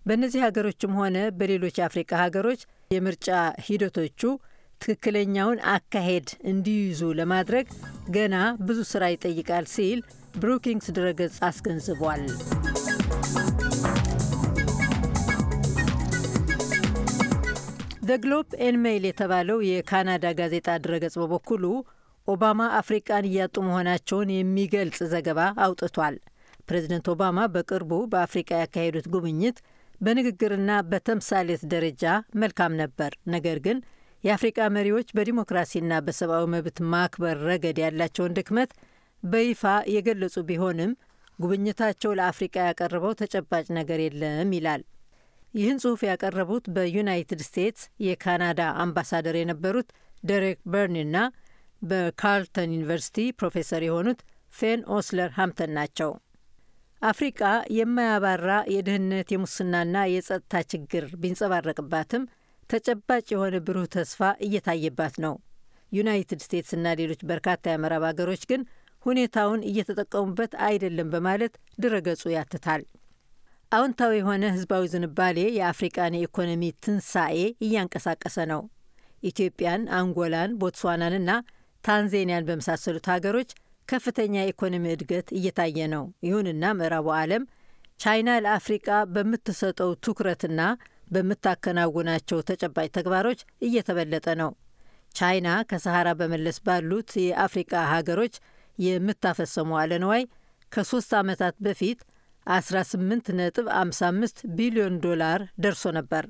በእነዚህ ሀገሮችም ሆነ በሌሎች የአፍሪካ ሀገሮች የምርጫ ሂደቶቹ ትክክለኛውን አካሄድ እንዲይዙ ለማድረግ ገና ብዙ ስራ ይጠይቃል ሲል ብሩኪንግስ ድረገጽ አስገንዝቧል። ዘ ግሎብ ኤን ሜይል የተባለው የካናዳ ጋዜጣ ድረገጽ በበኩሉ ኦባማ አፍሪቃን እያጡ መሆናቸውን የሚገልጽ ዘገባ አውጥቷል። ፕሬዝደንት ኦባማ በቅርቡ በአፍሪቃ ያካሄዱት ጉብኝት በንግግርና በተምሳሌት ደረጃ መልካም ነበር፣ ነገር ግን የአፍሪቃ መሪዎች በዲሞክራሲና በሰብአዊ መብት ማክበር ረገድ ያላቸውን ድክመት በይፋ የገለጹ ቢሆንም ጉብኝታቸው ለአፍሪቃ ያቀረበው ተጨባጭ ነገር የለም ይላል። ይህን ጽሑፍ ያቀረቡት በዩናይትድ ስቴትስ የካናዳ አምባሳደር የነበሩት ደሬክ በርኒና በካርልተን ዩኒቨርሲቲ ፕሮፌሰር የሆኑት ፌን ኦስለር ሃምተን ናቸው። አፍሪቃ የማያባራ የድህነት የሙስናና የጸጥታ ችግር ቢንጸባረቅባትም ተጨባጭ የሆነ ብሩህ ተስፋ እየታየባት ነው። ዩናይትድ ስቴትስና ሌሎች በርካታ የምዕራብ አገሮች ግን ሁኔታውን እየተጠቀሙበት አይደለም በማለት ድረገጹ ያትታል። አዎንታዊ የሆነ ህዝባዊ ዝንባሌ የአፍሪቃን የኢኮኖሚ ትንሣኤ እያንቀሳቀሰ ነው። ኢትዮጵያን፣ አንጎላን፣ ቦትስዋናንና ታንዜኒያን በመሳሰሉት ሀገሮች ከፍተኛ የኢኮኖሚ እድገት እየታየ ነው። ይሁንና ምዕራቡ ዓለም ቻይና ለአፍሪቃ በምትሰጠው ትኩረትና በምታከናውናቸው ተጨባጭ ተግባሮች እየተበለጠ ነው። ቻይና ከሰሃራ በመለስ ባሉት የአፍሪቃ ሀገሮች የምታፈሰሙ አለንዋይ ከሶስት ዓመታት በፊት 18.55 ቢሊዮን ዶላር ደርሶ ነበር።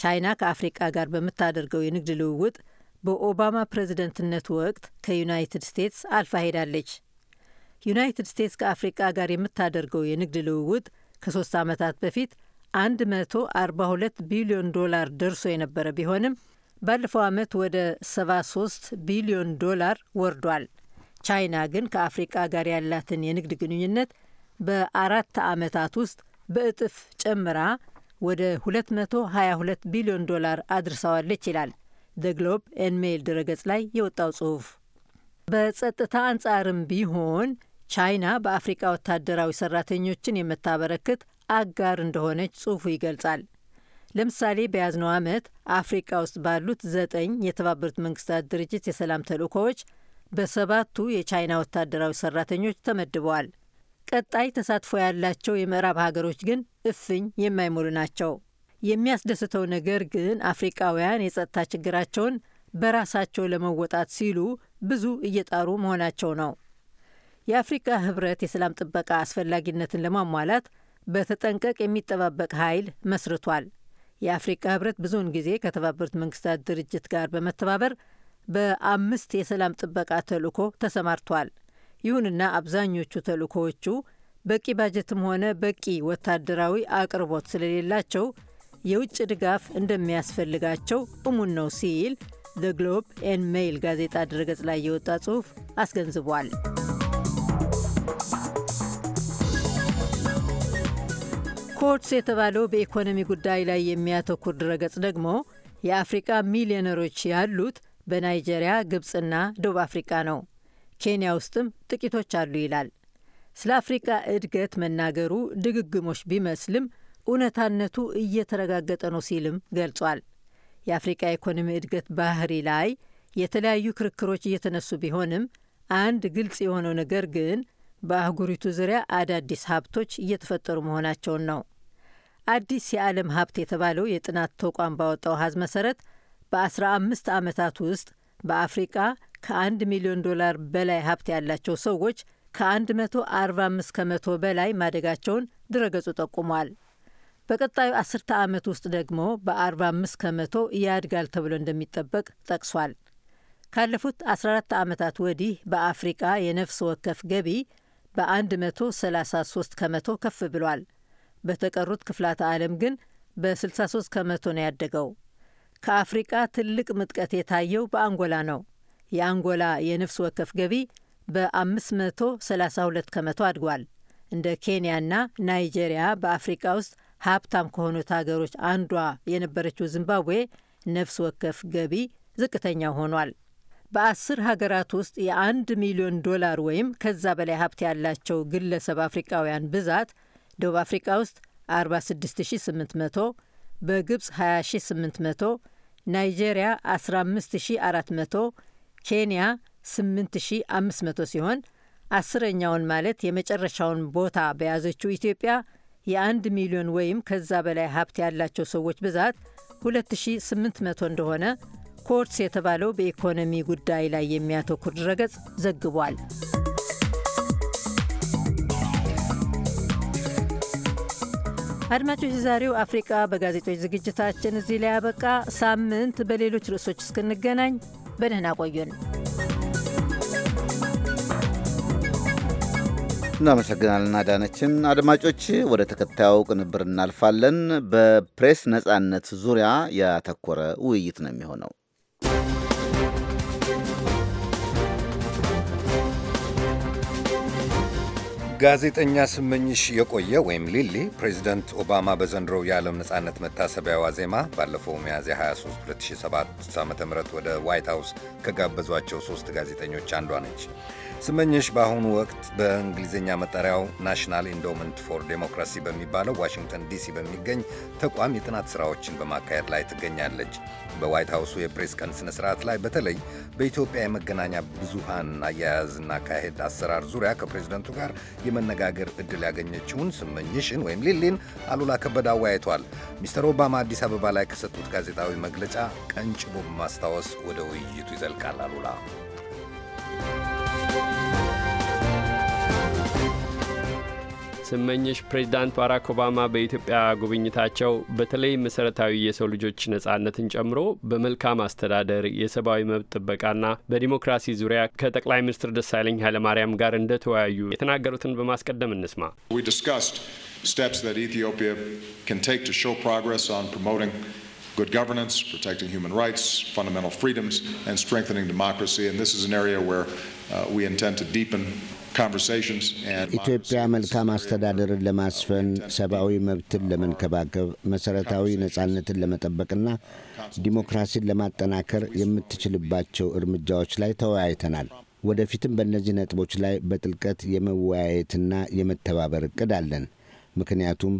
ቻይና ከአፍሪቃ ጋር በምታደርገው የንግድ ልውውጥ በኦባማ ፕሬዝደንትነት ወቅት ከዩናይትድ ስቴትስ አልፋ ሄዳለች። ዩናይትድ ስቴትስ ከአፍሪቃ ጋር የምታደርገው የንግድ ልውውጥ ከሶስት ዓመታት በፊት 142 ቢሊዮን ዶላር ደርሶ የነበረ ቢሆንም ባለፈው ዓመት ወደ 73 ቢሊዮን ዶላር ወርዷል። ቻይና ግን ከአፍሪቃ ጋር ያላትን የንግድ ግንኙነት በአራት ዓመታት ውስጥ በእጥፍ ጨምራ ወደ 222 ቢሊዮን ዶላር አድርሰዋለች ይላል ግሎብ ኤንሜይል ድረገጽ ላይ የወጣው ጽሑፍ በጸጥታ አንጻርም ቢሆን ቻይና በአፍሪቃ ወታደራዊ ሰራተኞችን የምታበረክት አጋር እንደሆነች ጽሑፉ ይገልጻል። ለምሳሌ በያዝነው ዓመት አፍሪቃ ውስጥ ባሉት ዘጠኝ የተባበሩት መንግስታት ድርጅት የሰላም ተልእኮዎች በሰባቱ የቻይና ወታደራዊ ሰራተኞች ተመድበዋል። ቀጣይ ተሳትፎ ያላቸው የምዕራብ ሀገሮች ግን እፍኝ የማይሞሉ ናቸው። የሚያስደስተው ነገር ግን አፍሪቃውያን የጸጥታ ችግራቸውን በራሳቸው ለመወጣት ሲሉ ብዙ እየጣሩ መሆናቸው ነው። የአፍሪካ ህብረት የሰላም ጥበቃ አስፈላጊነትን ለማሟላት በተጠንቀቅ የሚጠባበቅ ኃይል መስርቷል። የአፍሪካ ህብረት ብዙውን ጊዜ ከተባበሩት መንግስታት ድርጅት ጋር በመተባበር በአምስት የሰላም ጥበቃ ተልእኮ ተሰማርቷል። ይሁንና አብዛኞቹ ተልእኮዎቹ በቂ ባጀትም ሆነ በቂ ወታደራዊ አቅርቦት ስለሌላቸው የውጭ ድጋፍ እንደሚያስፈልጋቸው እሙን ነው ሲል ዘ ግሎብ ኤን ሜይል ጋዜጣ ድረገጽ ላይ የወጣ ጽሑፍ አስገንዝቧል። ኮርትስ የተባለው በኢኮኖሚ ጉዳይ ላይ የሚያተኩር ድረገጽ ደግሞ የአፍሪቃ ሚሊዮነሮች ያሉት በናይጄሪያ፣ ግብፅና ደቡብ አፍሪቃ ነው፣ ኬንያ ውስጥም ጥቂቶች አሉ ይላል። ስለ አፍሪቃ እድገት መናገሩ ድግግሞች ቢመስልም እውነታነቱ እየተረጋገጠ ነው ሲልም ገልጿል። የአፍሪቃ ኢኮኖሚ እድገት ባህሪ ላይ የተለያዩ ክርክሮች እየተነሱ ቢሆንም አንድ ግልጽ የሆነው ነገር ግን በአህጉሪቱ ዙሪያ አዳዲስ ሀብቶች እየተፈጠሩ መሆናቸውን ነው። አዲስ የዓለም ሀብት የተባለው የጥናት ተቋም ባወጣው ሀዝ መሰረት በ15 ዓመታት ውስጥ በአፍሪቃ ከ1 ሚሊዮን ዶላር በላይ ሀብት ያላቸው ሰዎች ከ145 ከመቶ በላይ ማደጋቸውን ድረገጹ ጠቁሟል። በቀጣዩ አስርተ ዓመት ውስጥ ደግሞ በ45 ከመቶ ያድጋል ተብሎ እንደሚጠበቅ ጠቅሷል። ካለፉት 14 ዓመታት ወዲህ በአፍሪቃ የነፍስ ወከፍ ገቢ በ133 ከመቶ ከፍ ብሏል። በተቀሩት ክፍላተ ዓለም ግን በ63 ከመቶ ነው ያደገው። ከአፍሪቃ ትልቅ ምጥቀት የታየው በአንጎላ ነው። የአንጎላ የነፍስ ወከፍ ገቢ በ532 ከመቶ አድጓል። እንደ ኬንያና ናይጄሪያ በአፍሪቃ ውስጥ ሀብታም ከሆኑት ሀገሮች አንዷ የነበረችው ዚምባብዌ ነፍስ ወከፍ ገቢ ዝቅተኛ ሆኗል። በአስር ሀገራት ውስጥ የአንድ ሚሊዮን ዶላር ወይም ከዛ በላይ ሀብት ያላቸው ግለሰብ አፍሪቃውያን ብዛት ደቡብ አፍሪቃ ውስጥ 46800፣ በግብፅ 20800፣ ናይጄሪያ 15400፣ ኬንያ 8500 ሲሆን አስረኛውን ማለት የመጨረሻውን ቦታ በያዘችው ኢትዮጵያ የአንድ ሚሊዮን ወይም ከዛ በላይ ሀብት ያላቸው ሰዎች ብዛት 2800 እንደሆነ ኮርትስ የተባለው በኢኮኖሚ ጉዳይ ላይ የሚያተኩር ድረገጽ ዘግቧል። አድማጮች፣ የዛሬው አፍሪቃ በጋዜጦች ዝግጅታችን እዚህ ላይ ያበቃ። ሳምንት በሌሎች ርዕሶች እስክንገናኝ በደህና ቆዩን። እናመሰግናለን አዳነችን። አድማጮች ወደ ተከታዩ ቅንብር እናልፋለን። በፕሬስ ነጻነት ዙሪያ ያተኮረ ውይይት ነው የሚሆነው። ጋዜጠኛ ስመኝሽ የቆየ ወይም ሊሊ ፕሬዚደንት ኦባማ በዘንድሮው የዓለም ነጻነት መታሰቢያ ዋዜማ ባለፈው ሚያዝያ 23 2007 ዓ ም ወደ ዋይት ሀውስ ከጋበዟቸው ሶስት ጋዜጠኞች አንዷ ነች። ስመኝሽ በአሁኑ ወቅት በእንግሊዝኛ መጠሪያው ናሽናል ኢንዶመንት ፎር ዴሞክራሲ በሚባለው ዋሽንግተን ዲሲ በሚገኝ ተቋም የጥናት ስራዎችን በማካሄድ ላይ ትገኛለች። በዋይት ሀውሱ የፕሬስ ቀን ስነ ስርዓት ላይ በተለይ በኢትዮጵያ የመገናኛ ብዙሃን አያያዝና አካሄድ አሰራር ዙሪያ ከፕሬዝደንቱ ጋር የመነጋገር እድል ያገኘችውን ስመኝሽን ወይም ሊሊን አሉላ ከበደ አወያይቷል። ሚስተር ኦባማ አዲስ አበባ ላይ ከሰጡት ጋዜጣዊ መግለጫ ቀንጭቦ በማስታወስ ወደ ውይይቱ ይዘልቃል አሉላ ስመኝሽ ፕሬዚዳንት ባራክ ኦባማ በኢትዮጵያ ጉብኝታቸው በተለይ የሰው ልጆች ነጻነትን ጨምሮ በመልካም አስተዳደር የሰብአዊ መብት ጥበቃና በዲሞክራሲ ዙሪያ ከጠቅላይ ሚኒስትር ደሳለኝ ኃይለማርያም ጋር እንደተወያዩ የተናገሩትን በማስቀደም እንስማ። steps that Ethiopia can take to show progress on promoting good governance, protecting human rights, fundamental freedoms, and strengthening democracy. And this is an area where uh, we intend to deepen ኢትዮጵያ መልካም አስተዳደርን ለማስፈን ሰብአዊ መብትን ለመንከባከብ መሠረታዊ ነጻነትን ለመጠበቅና ዲሞክራሲን ለማጠናከር የምትችልባቸው እርምጃዎች ላይ ተወያይተናል። ወደፊትም በእነዚህ ነጥቦች ላይ በጥልቀት የመወያየትና የመተባበር እቅድ አለን። ምክንያቱም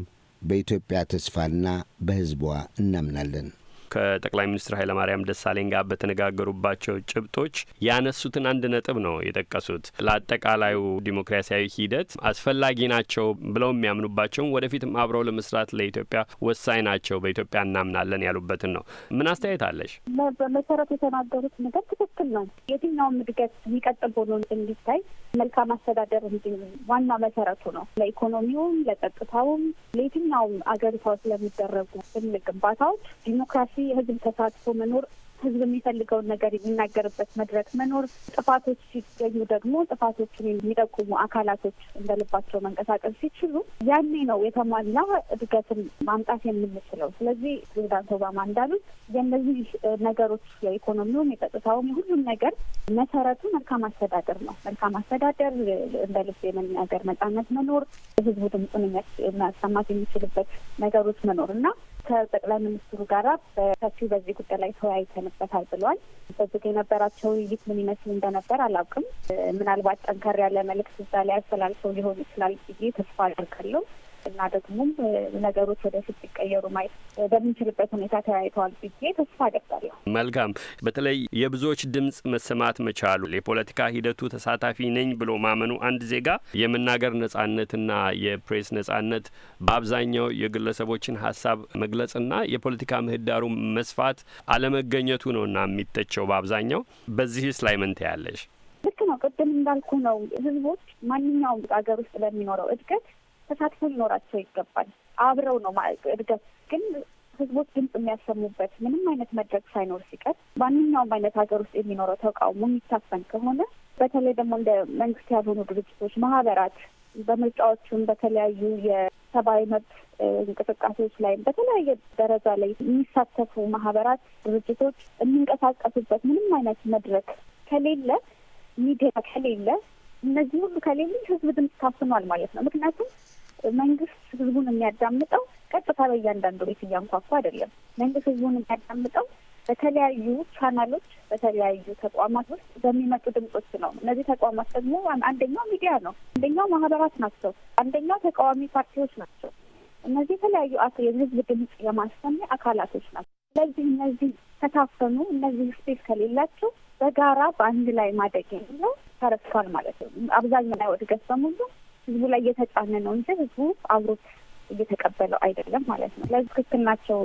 በኢትዮጵያ ተስፋና በሕዝቧ እናምናለን። ከጠቅላይ ሚኒስትር ኃይለማርያም ደሳለኝ ጋር በተነጋገሩባቸው ጭብጦች ያነሱትን አንድ ነጥብ ነው የጠቀሱት። ለአጠቃላዩ ዲሞክራሲያዊ ሂደት አስፈላጊ ናቸው ብለው የሚያምኑባቸውን ወደፊትም አብረው ለመስራት ለኢትዮጵያ ወሳኝ ናቸው፣ በኢትዮጵያ እናምናለን ያሉበትን ነው። ምን አስተያየት አለሽ? በመሰረቱ የተናገሩት ነገር ትክክል ነው። የትኛውም እድገት የሚቀጥል ሆኖ እንዲታይ መልካም አስተዳደር እንዲ ዋና መሰረቱ ነው። ለኢኮኖሚውም፣ ለጸጥታውም፣ ለየትኛውም አገሪቷ ስለሚደረጉ ትልቅ ግንባታዎች ዲሞክራሲ፣ ህዝብ ተሳትፎ መኖር ህዝብ የሚፈልገውን ነገር የሚናገርበት መድረክ መኖር፣ ጥፋቶች ሲገኙ ደግሞ ጥፋቶችን የሚጠቁሙ አካላቶች እንደልባቸው መንቀሳቀስ ሲችሉ ያኔ ነው የተሟላ እድገትን ማምጣት የምንችለው። ስለዚህ ፕሬዚዳንት ኦባማ እንዳሉት የእነዚህ ነገሮች የኢኮኖሚውም፣ የጸጥታውም፣ የሁሉም ነገር መሰረቱ መልካም አስተዳደር ነው። መልካም አስተዳደር እንደ ልብ የመናገር ነጻነት መኖር፣ ህዝቡ ድምፁን የሚያሰማት የሚችልበት ነገሮች መኖር እና ከጠቅላይ ሚኒስትሩ ጋራ በሰፊው በዚህ ጉዳይ ላይ ተወያይተንበታል ብሏል። በዚህ የነበራቸው ውይይት ምን ይመስል እንደነበር አላውቅም። ምናልባት ጠንከር ያለ መልእክት እዛ ላይ አስተላልፈው ሊሆን ይችላል ብዬ ተስፋ አደርጋለሁ። እና ደግሞም ነገሮች ወደፊት ሲቀየሩ ማየት በምንችልበት ሁኔታ ተያይተዋል ብዬ ተስፋ አደርጋለሁ። መልካም። በተለይ የብዙዎች ድምጽ መሰማት መቻሉ የፖለቲካ ሂደቱ ተሳታፊ ነኝ ብሎ ማመኑ አንድ ዜጋ የመናገር ነጻነትና የፕሬስ ነጻነት በአብዛኛው የግለሰቦችን ሀሳብ መግለጽና የፖለቲካ ምህዳሩ መስፋት አለመገኘቱ ነውና የሚተቸው በአብዛኛው። በዚህስ ላይ ምን ትያለሽ? ልክ ነው። ቅድም እንዳልኩ ነው ህዝቦች ማንኛውም ሀገር ውስጥ ለሚኖረው እድገት ተሳትፎ ሊኖራቸው ይገባል። አብረው ነው እድገት ግን ህዝቦች ድምጽ የሚያሰሙበት ምንም አይነት መድረክ ሳይኖር ሲቀር ማንኛውም አይነት ሀገር ውስጥ የሚኖረው ተቃውሞ የሚታፈን ከሆነ በተለይ ደግሞ እንደ መንግስት ያልሆኑ ድርጅቶች፣ ማህበራት በምርጫዎቹም በተለያዩ የሰብአዊ መብት እንቅስቃሴዎች ላይ በተለያየ ደረጃ ላይ የሚሳተፉ ማህበራት፣ ድርጅቶች የሚንቀሳቀሱበት ምንም አይነት መድረክ ከሌለ፣ ሚዲያ ከሌለ፣ እነዚህ ሁሉ ከሌሉ ህዝብ ድምጽ ታፍኗል ማለት ነው። ምክንያቱም መንግስት ህዝቡን የሚያዳምጠው ቀጥታ በእያንዳንዱ ቤት እያንኳኩ አይደለም። መንግስት ህዝቡን የሚያዳምጠው በተለያዩ ቻናሎች፣ በተለያዩ ተቋማት ውስጥ በሚመጡ ድምጾች ነው። እነዚህ ተቋማት ደግሞ አንደኛው ሚዲያ ነው፣ አንደኛው ማህበራት ናቸው፣ አንደኛው ተቃዋሚ ፓርቲዎች ናቸው። እነዚህ የተለያዩ የህዝብ ድምጽ የማሰሚያ አካላቶች ናቸው። ስለዚህ እነዚህ ከታፈኑ፣ እነዚህ ስፔስ ከሌላቸው በጋራ በአንድ ላይ ማደግ የሚለው ተረስቷል ማለት ነው። አብዛኛው ላይ ወድገት በሙሉ ህዝቡ ላይ እየተጫነ ነው እንጂ ህዝቡ አብሮት እየተቀበለው አይደለም ማለት ነው። ለዚ ትክክል ናቸው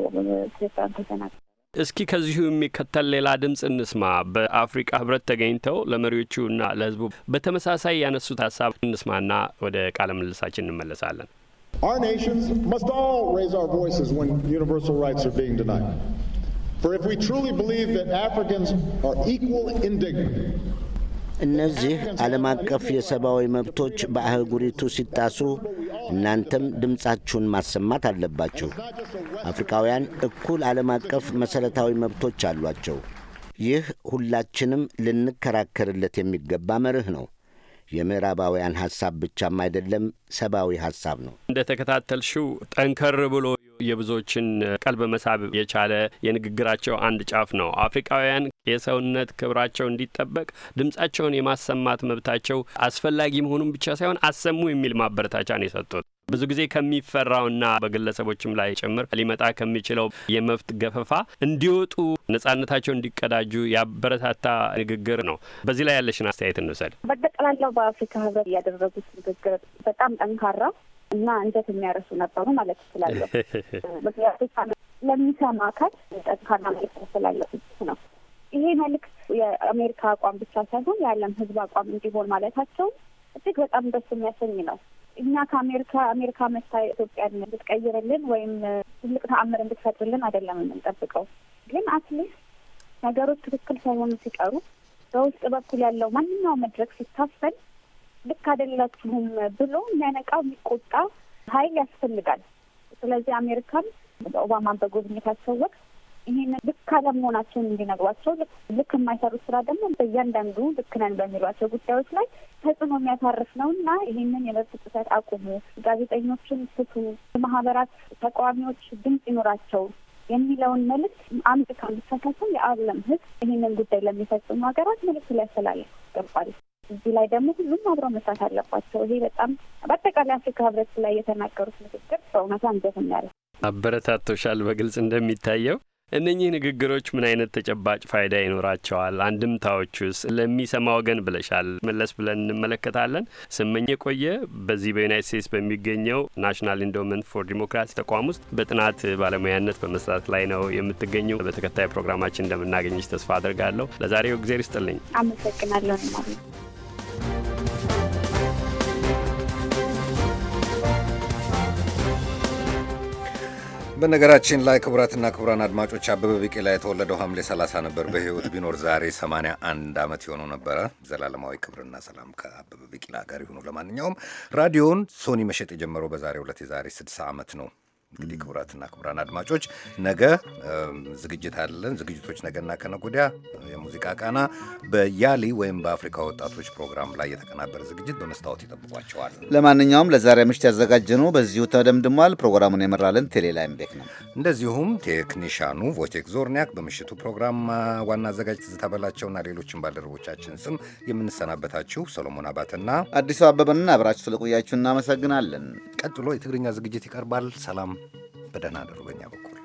ፕሬዚዳንት ተናገሩ። እስኪ ከዚሁ የሚከተል ሌላ ድምፅ እንስማ። በአፍሪቃ ህብረት ተገኝተው ለመሪዎቹና ለህዝቡ በተመሳሳይ ያነሱት ሀሳብ እንስማና ወደ ቃለ ምልልሳችን እንመለሳለን። Our nations must all raise our voices when universal rights are being denied. For if we truly believe that Africans are equal in dignity, እነዚህ ዓለም አቀፍ የሰብአዊ መብቶች በአህጉሪቱ ሲጣሱ እናንተም ድምፃችሁን ማሰማት አለባችሁ። አፍሪካውያን እኩል ዓለም አቀፍ መሠረታዊ መብቶች አሏቸው። ይህ ሁላችንም ልንከራከርለት የሚገባ መርህ ነው። የምዕራባውያን ሀሳብ ብቻም አይደለም፣ ሰብአዊ ሀሳብ ነው። እንደ ተከታተልሽው ጠንከር ብሎ የብዙዎችን ቀልብ መሳብ የቻለ የንግግራቸው አንድ ጫፍ ነው። አፍሪካውያን የሰውነት ክብራቸው እንዲጠበቅ ድምጻቸውን የማሰማት መብታቸው አስፈላጊ መሆኑን ብቻ ሳይሆን አሰሙ የሚል ማበረታቻ ነው የሰጡት። ብዙ ጊዜ ከሚፈራውና በግለሰቦችም ላይ ጭምር ሊመጣ ከሚችለው የመብት ገፈፋ እንዲወጡ ነጻነታቸው እንዲቀዳጁ ያበረታታ ንግግር ነው። በዚህ ላይ ያለሽን አስተያየት እንውሰድ። በጠቅላላው በአፍሪካ ህብረት እያደረጉት ንግግር በጣም ጠንካራ እና እንደት የሚያረሱ ነበሩ ማለት ይችላለሁ። ምክንያቱም ለሚሰማ አካል ጠንካራ መልዕክት ስላለበት ነው። ይሄ መልዕክት የአሜሪካ አቋም ብቻ ሳይሆን የዓለም ሕዝብ አቋም እንዲሆን ማለታቸው እጅግ በጣም ደስ የሚያሰኝ ነው። እኛ ከአሜሪካ አሜሪካ መታ ኢትዮጵያን እንድትቀይርልን ወይም ትልቅ ተአምር እንድትፈጥርልን አይደለም የምንጠብቀው። ግን አትሊስት ነገሮች ትክክል ሳይሆኑ ሲቀሩ በውስጥ በኩል ያለው ማንኛውም መድረክ ሲታፈን ልክ አይደላችሁም ብሎ የሚያነቃው የሚቆጣ ኃይል ያስፈልጋል። ስለዚህ አሜሪካም ኦባማን በጎብኝታቸው ወቅት ይህንን ልክ አለመሆናቸውን እንዲነግሯቸው፣ ልክ የማይሰሩት ስራ ደግሞ በእያንዳንዱ ልክ ነን በሚሏቸው ጉዳዮች ላይ ተጽዕኖ የሚያሳርፍ ነው እና ይህንን የመብት ጥሰት አቁሙ፣ ጋዜጠኞችን ፍቱ፣ ማህበራት ተቃዋሚዎች ድምፅ ይኖራቸው የሚለውን መልእክት አንድ ካልተሳሳትም የዓለም ሕዝብ ይህንን ጉዳይ ለሚፈጽሙ ሀገራት መልእክት ሊያስተላልፍ ይገባል። እዚህ ላይ ደግሞ ሁሉም አብረው መስራት አለባቸው። ይሄ በጣም በአጠቃላይ አፍሪካ ህብረት ላይ የተናገሩት ንግግር በእውነት አንጀት ያለ አበረታቶሻል። በግልጽ እንደሚታየው እነኚህ ንግግሮች ምን አይነት ተጨባጭ ፋይዳ ይኖራቸዋል? አንድምታዎቹስ ለሚሰማ ወገን ብለሻል። መለስ ብለን እንመለከታለን። ስመኝ የቆየ በዚህ በዩናይት ስቴትስ በሚገኘው ናሽናል ኢንዶመንት ፎር ዲሞክራሲ ተቋም ውስጥ በጥናት ባለሙያነት በመስራት ላይ ነው የምትገኘው። በተከታይ ፕሮግራማችን እንደምናገኝች ተስፋ አድርጋለሁ። ለዛሬው እግዜር ይስጥልኝ። አመሰግናለሁ። በነገራችን ላይ ክቡራትና ክቡራን አድማጮች አበበ ቢቂላ የተወለደው ሐምሌ 30 ነበር። በህይወት ቢኖር ዛሬ 81 ዓመት የሆኑ ነበረ። ዘላለማዊ ክብርና ሰላም ከአበበ ቢቂላ ጋር ይሁኑ። ለማንኛውም ራዲዮን ሶኒ መሸጥ የጀመረው በዛሬ ዕለት የዛሬ 60 ዓመት ነው። እንግዲህ ክቡራትና ክቡራን አድማጮች ነገ ዝግጅት አለን። ዝግጅቶች ነገና ከነጎዲያ የሙዚቃ ቃና በያሊ ወይም በአፍሪካ ወጣቶች ፕሮግራም ላይ የተቀናበረ ዝግጅት በመስታወት ይጠብቋቸዋል። ለማንኛውም ለዛሬ ምሽት ያዘጋጀነው በዚሁ ተደምድሟል። ፕሮግራሙን የመራለን ቴሌላይም ቤክ ነው። እንደዚሁም ቴክኒሻኑ ቮቴክ ዞርኒያክ፣ በምሽቱ ፕሮግራም ዋና አዘጋጅ ትዝታ በላቸውና ሌሎችን ባልደረቦቻችን ስም የምንሰናበታችሁ ሰሎሞን አባትና አዲሱ አበበንን አብራችሁ ስለቆያችሁ እናመሰግናለን። ቀጥሎ የትግርኛ ዝግጅት ይቀርባል። ሰላም ሰላም በደህና አደሩ በእኛ በኩል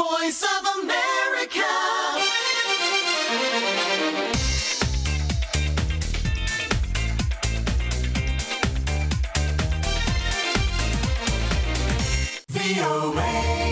Voice of America. VOA.